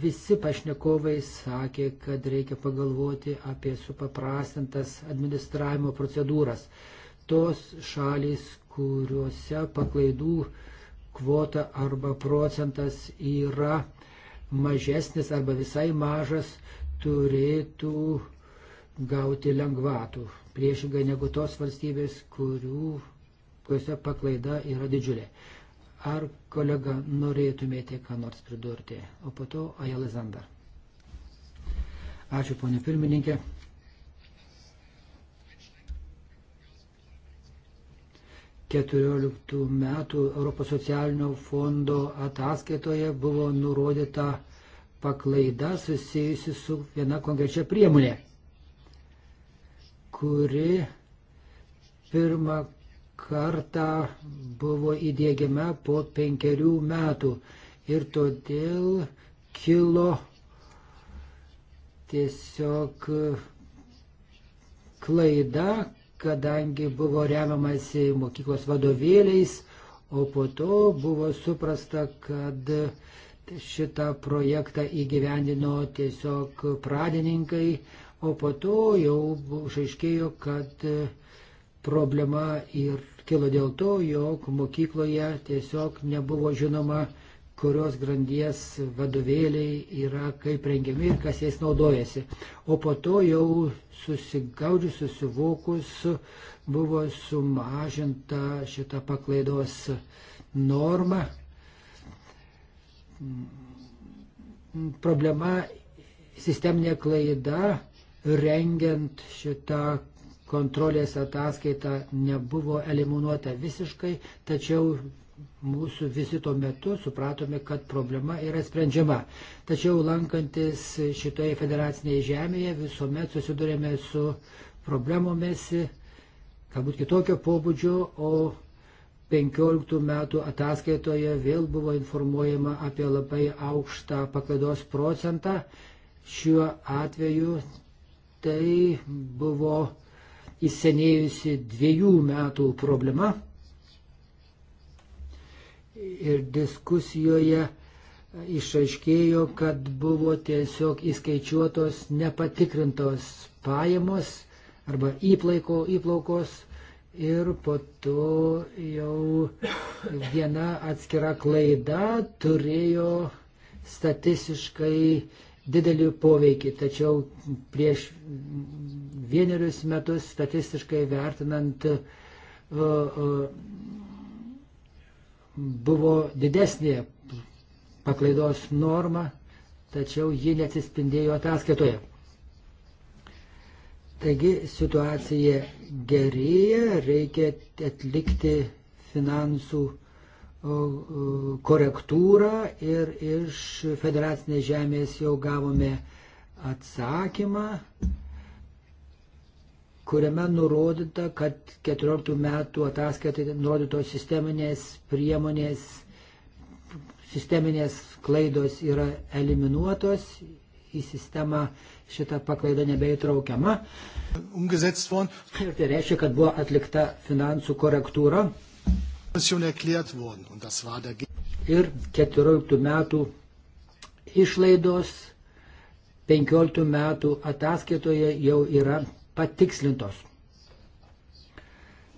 visi pašnekovai sakė, kad reikia pagalvoti apie supaprastintas administravimo procedūras. Tos šalys, kuriuose paklaidų kvota arba procentas yra mažesnis arba visai mažas, turėtų gauti lengvatų, priešingai negu tos valstybės, kurių, kuriuose paklaida yra didžiulė. Ar kolega norėtumėte ką nors pridurti? O po to Ajala Ačiū, ponė pirmininkė. Keturioliktų metų Europos socialinio fondo ataskaitoje buvo nurodyta paklaida susijusi su viena konkrečia priemonė, kuri pirmą kartą buvo įdėgiama po penkerių metų ir todėl kilo tiesiog klaida, kadangi buvo remiamasi mokyklos vadovėliais, o po to buvo suprasta, kad šitą projektą įgyvendino tiesiog pradininkai, o po to jau išaiškėjo, kad problema ir kilo dėl to, jog mokykloje tiesiog nebuvo žinoma, kurios grandies vadovėliai yra kaip rengiami ir kas jais naudojasi. O po to jau susigaudžius, susivokus buvo sumažinta šita paklaidos norma problema sisteminė klaida rengiant šitą kontrolės ataskaitą nebuvo eliminuota visiškai, tačiau mūsų vizito metu supratome, kad problema yra sprendžiama. Tačiau lankantis šitoje federacinėje žemėje visuomet susidurėme su problemomis, galbūt kitokio pobūdžio, o 15 metų ataskaitoje vėl buvo informuojama apie labai aukštą paklaidos procentą. Šiuo atveju tai buvo įsenėjusi dviejų metų problema. Ir diskusijoje išaiškėjo, kad buvo tiesiog įskaičiuotos nepatikrintos pajamos arba įplaiko, įplaukos ir po to jau viena atskira klaida turėjo statistiškai didelį poveikį, tačiau prieš vienerius metus statistiškai vertinant buvo didesnė paklaidos norma, tačiau ji neatsispindėjo ataskaitoje. Taigi situacija gerėja, reikia atlikti finansų korektūrą ir iš federacinės žemės jau gavome atsakymą, kuriame nurodyta, kad 14 metų ataskaitai nurodytos sisteminės priemonės, sisteminės klaidos yra eliminuotos, į sistemą šita paklaida nebeįtraukiama. Ir tai reiškia, kad buvo atlikta finansų korektūra. Ir 14 metų išlaidos 15 metų ataskaitoje jau yra patikslintos.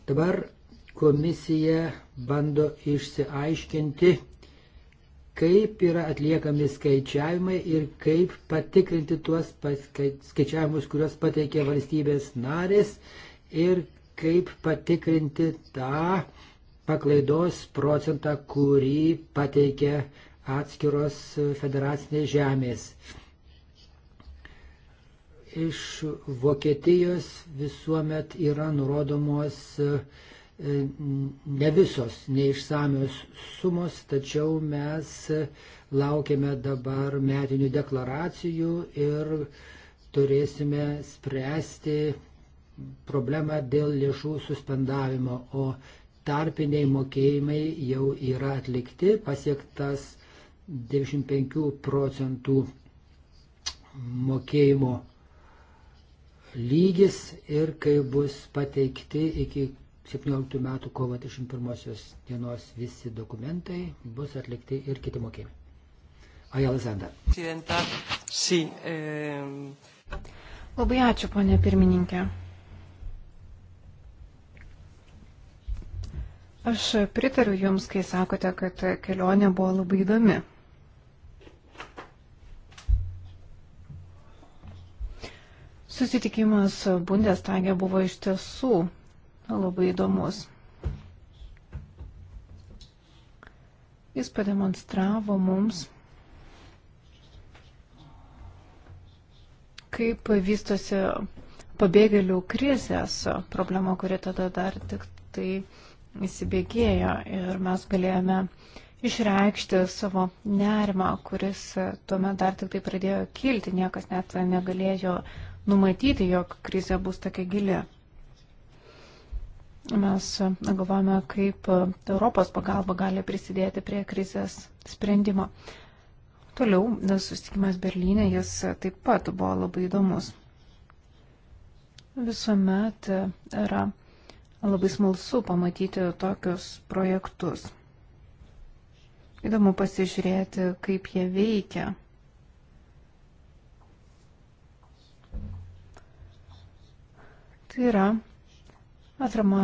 Dabar komisija bando išsiaiškinti, kaip yra atliekami skaičiavimai ir kaip patikrinti tuos skaičiavimus, kuriuos pateikė valstybės narės ir kaip patikrinti tą paklaidos procentą, kurį pateikė atskiros federacinės žemės. Iš Vokietijos visuomet yra nurodomos uh, ne visos neišsamios sumos, tačiau mes laukiame dabar metinių deklaracijų ir turėsime spręsti problemą dėl lėšų suspendavimo, o tarpiniai mokėjimai jau yra atlikti, pasiektas 95 procentų mokėjimo lygis ir kai bus pateikti iki 17 metų kovo 21 dienos visi dokumentai bus atlikti ir kiti mokymai. Ajala Zanda. Labai ačiū, ponė pirmininkė. Aš pritariu Jums, kai sakote, kad kelionė buvo labai įdomi. Susitikimas Bundestage buvo iš tiesų labai įdomus. Jis pademonstravo mums, kaip vystosi pabėgėlių krizės problema, kuri tada dar tik tai įsibėgėjo ir mes galėjome išreikšti savo nerimą, kuris tuomet dar tik tai pradėjo kilti, niekas net negalėjo numatyti, jog krizė bus tokia gili mes galvojame, kaip Europos pagalba gali prisidėti prie krizės sprendimo. Toliau, susitikimas Berlyne, jis taip pat buvo labai įdomus. Visuomet yra labai smalsu pamatyti tokius projektus. Įdomu pasižiūrėti, kaip jie veikia. Tai yra atrama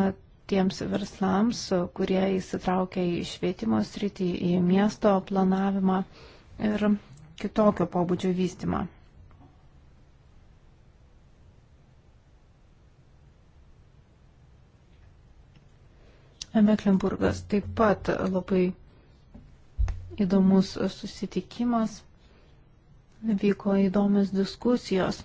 tiems verslams, kurie įsitraukia į švietimo sritį, į miesto planavimą ir kitokio pobūdžio vystimą. Meklenburgas taip pat labai įdomus susitikimas, vyko įdomios diskusijos.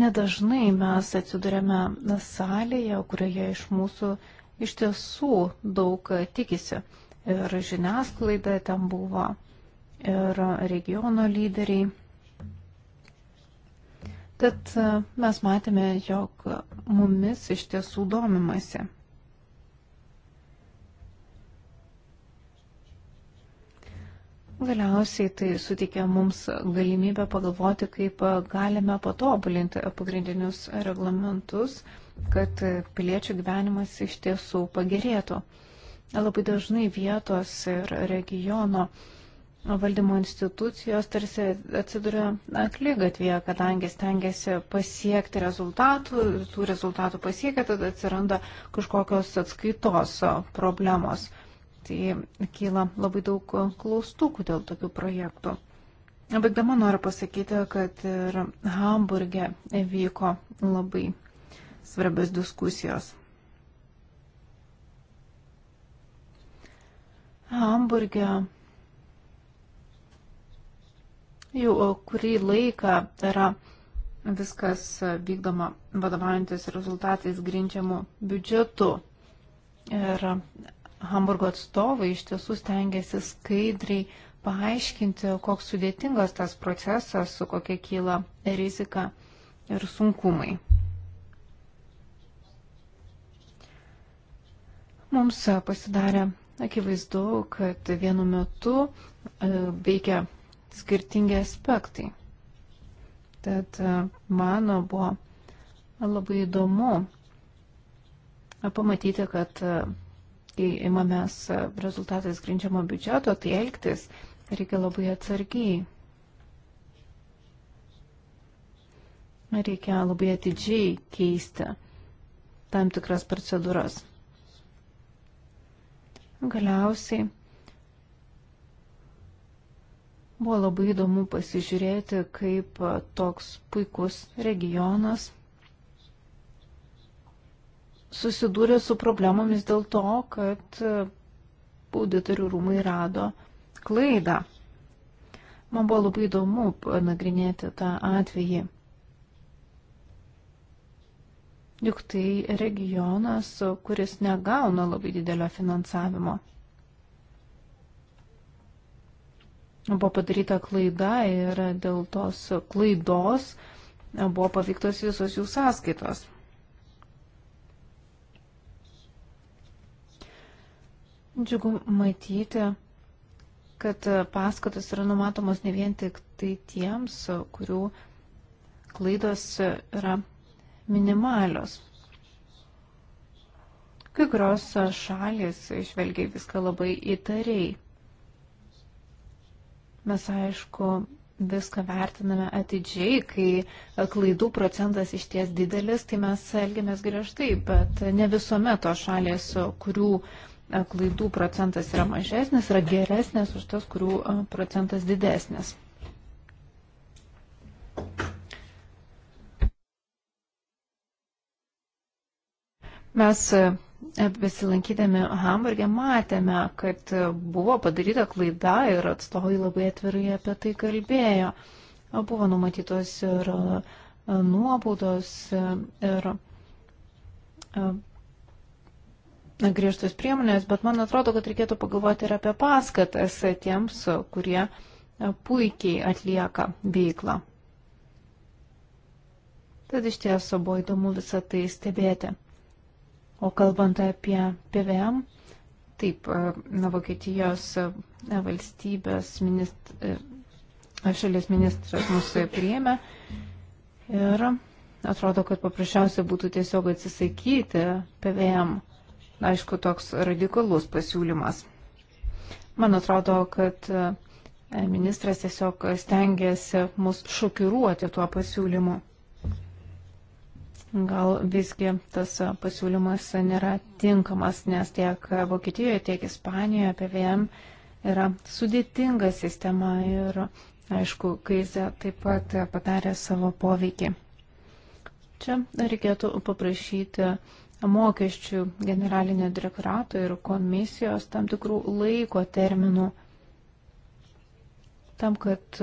Nedažnai mes atsidurėme salėje, kurioje iš mūsų iš tiesų daug tikisi. Ir žiniasklaida ten buvo, ir regiono lyderiai. Tad mes matėme, jog mumis iš tiesų domimasi. Galiausiai tai suteikia mums galimybę pagalvoti, kaip galime patobulinti pagrindinius reglamentus, kad piliečių gyvenimas iš tiesų pagerėtų. Labai dažnai vietos ir regiono valdymo institucijos tarsi atsiduria aklygatvėje, kadangi stengiasi pasiekti rezultatų, tų rezultatų pasiekia, tada atsiranda kažkokios atskaitos problemos tai kyla labai daug klaustukų dėl tokių projektų. Baigdama noriu pasakyti, kad ir Hamburge vyko labai svarbios diskusijos. Hamburge jau kurį laiką yra viskas vykdoma vadovaujantis rezultatais grindžiamų biudžetų. Ir Hamburgo atstovai iš tiesų stengiasi skaidriai paaiškinti, koks sudėtingas tas procesas, su kokia kyla rizika ir sunkumai. Mums pasidarė akivaizdu, kad vienu metu veikia skirtingi aspektai. Tad mano buvo labai įdomu pamatyti, kad kai imamės rezultatais grindžiamo biudžeto, tai elgtis reikia labai atsargiai. Reikia labai atidžiai keisti tam tikras procedūras. Galiausiai buvo labai įdomu pasižiūrėti, kaip toks puikus regionas susidūrė su problemomis dėl to, kad auditorių rūmai rado klaidą. Man buvo labai įdomu nagrinėti tą atvejį. Juk tai regionas, kuris negauna labai didelio finansavimo. Buvo padaryta klaida ir dėl tos klaidos buvo pavyktos visos jų sąskaitos. Džiugu matyti, kad paskatas yra numatomas ne vien tik tai tiems, kurių klaidos yra minimalios. Kai kurios šalis išvelgia viską labai įtariai. Mes, aišku, viską vertiname atidžiai, kai klaidų procentas iš ties didelis, tai mes elgiamės griežtai, bet ne visuomet to šalės, kurių klaidų procentas yra mažesnis, yra geresnis už tas, kurių procentas didesnis. Mes besilankydami Hamburgė matėme, kad buvo padaryta klaida ir atstovai labai atvirai apie tai kalbėjo. Buvo numatytos ir nuobaudos ir griežtas priemonės, bet man atrodo, kad reikėtų pagalvoti ir apie paskatas tiems, kurie puikiai atlieka veiklą. Tad iš tiesų buvo įdomu visą tai stebėti. O kalbant apie PVM, taip, na, Vokietijos valstybės ministras, šalies ministras mūsų priėmė ir atrodo, kad paprasčiausia būtų tiesiog atsisakyti PVM aišku, toks radikalus pasiūlymas. Man atrodo, kad ministras tiesiog stengiasi mus šokiruoti tuo pasiūlymu. Gal visgi tas pasiūlymas nėra tinkamas, nes tiek Vokietijoje, tiek Ispanijoje PVM yra sudėtinga sistema ir, aišku, krizė taip pat padarė savo poveikį. Čia reikėtų paprašyti mokesčių generalinio direktorato ir komisijos tam tikrų laiko terminų tam, kad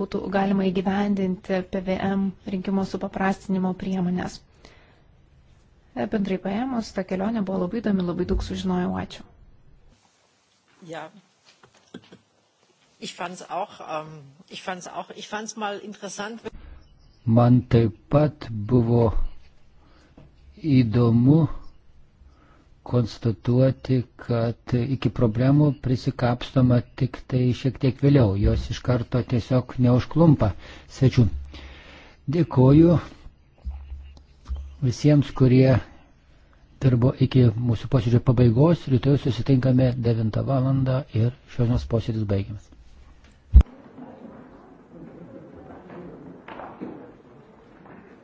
būtų galima įgyvendinti PVM rinkimo supaprastinimo priemonės. Bendrai paėmus, ta kelionė buvo labai įdomi, labai daug sužinojau. Ačiū. Ja. Ich fand's auch, um, ich fand's auch, ich fand's mal interessant. Man taip pat buvo įdomu konstatuoti, kad iki problemų prisikapstoma tik tai šiek tiek vėliau, jos iš karto tiesiog neužklumpa Svečiu. Dėkoju visiems, kurie dirbo iki mūsų posėdžio pabaigos, rytoj susitinkame 9 val. ir šios posėdis baigiamas.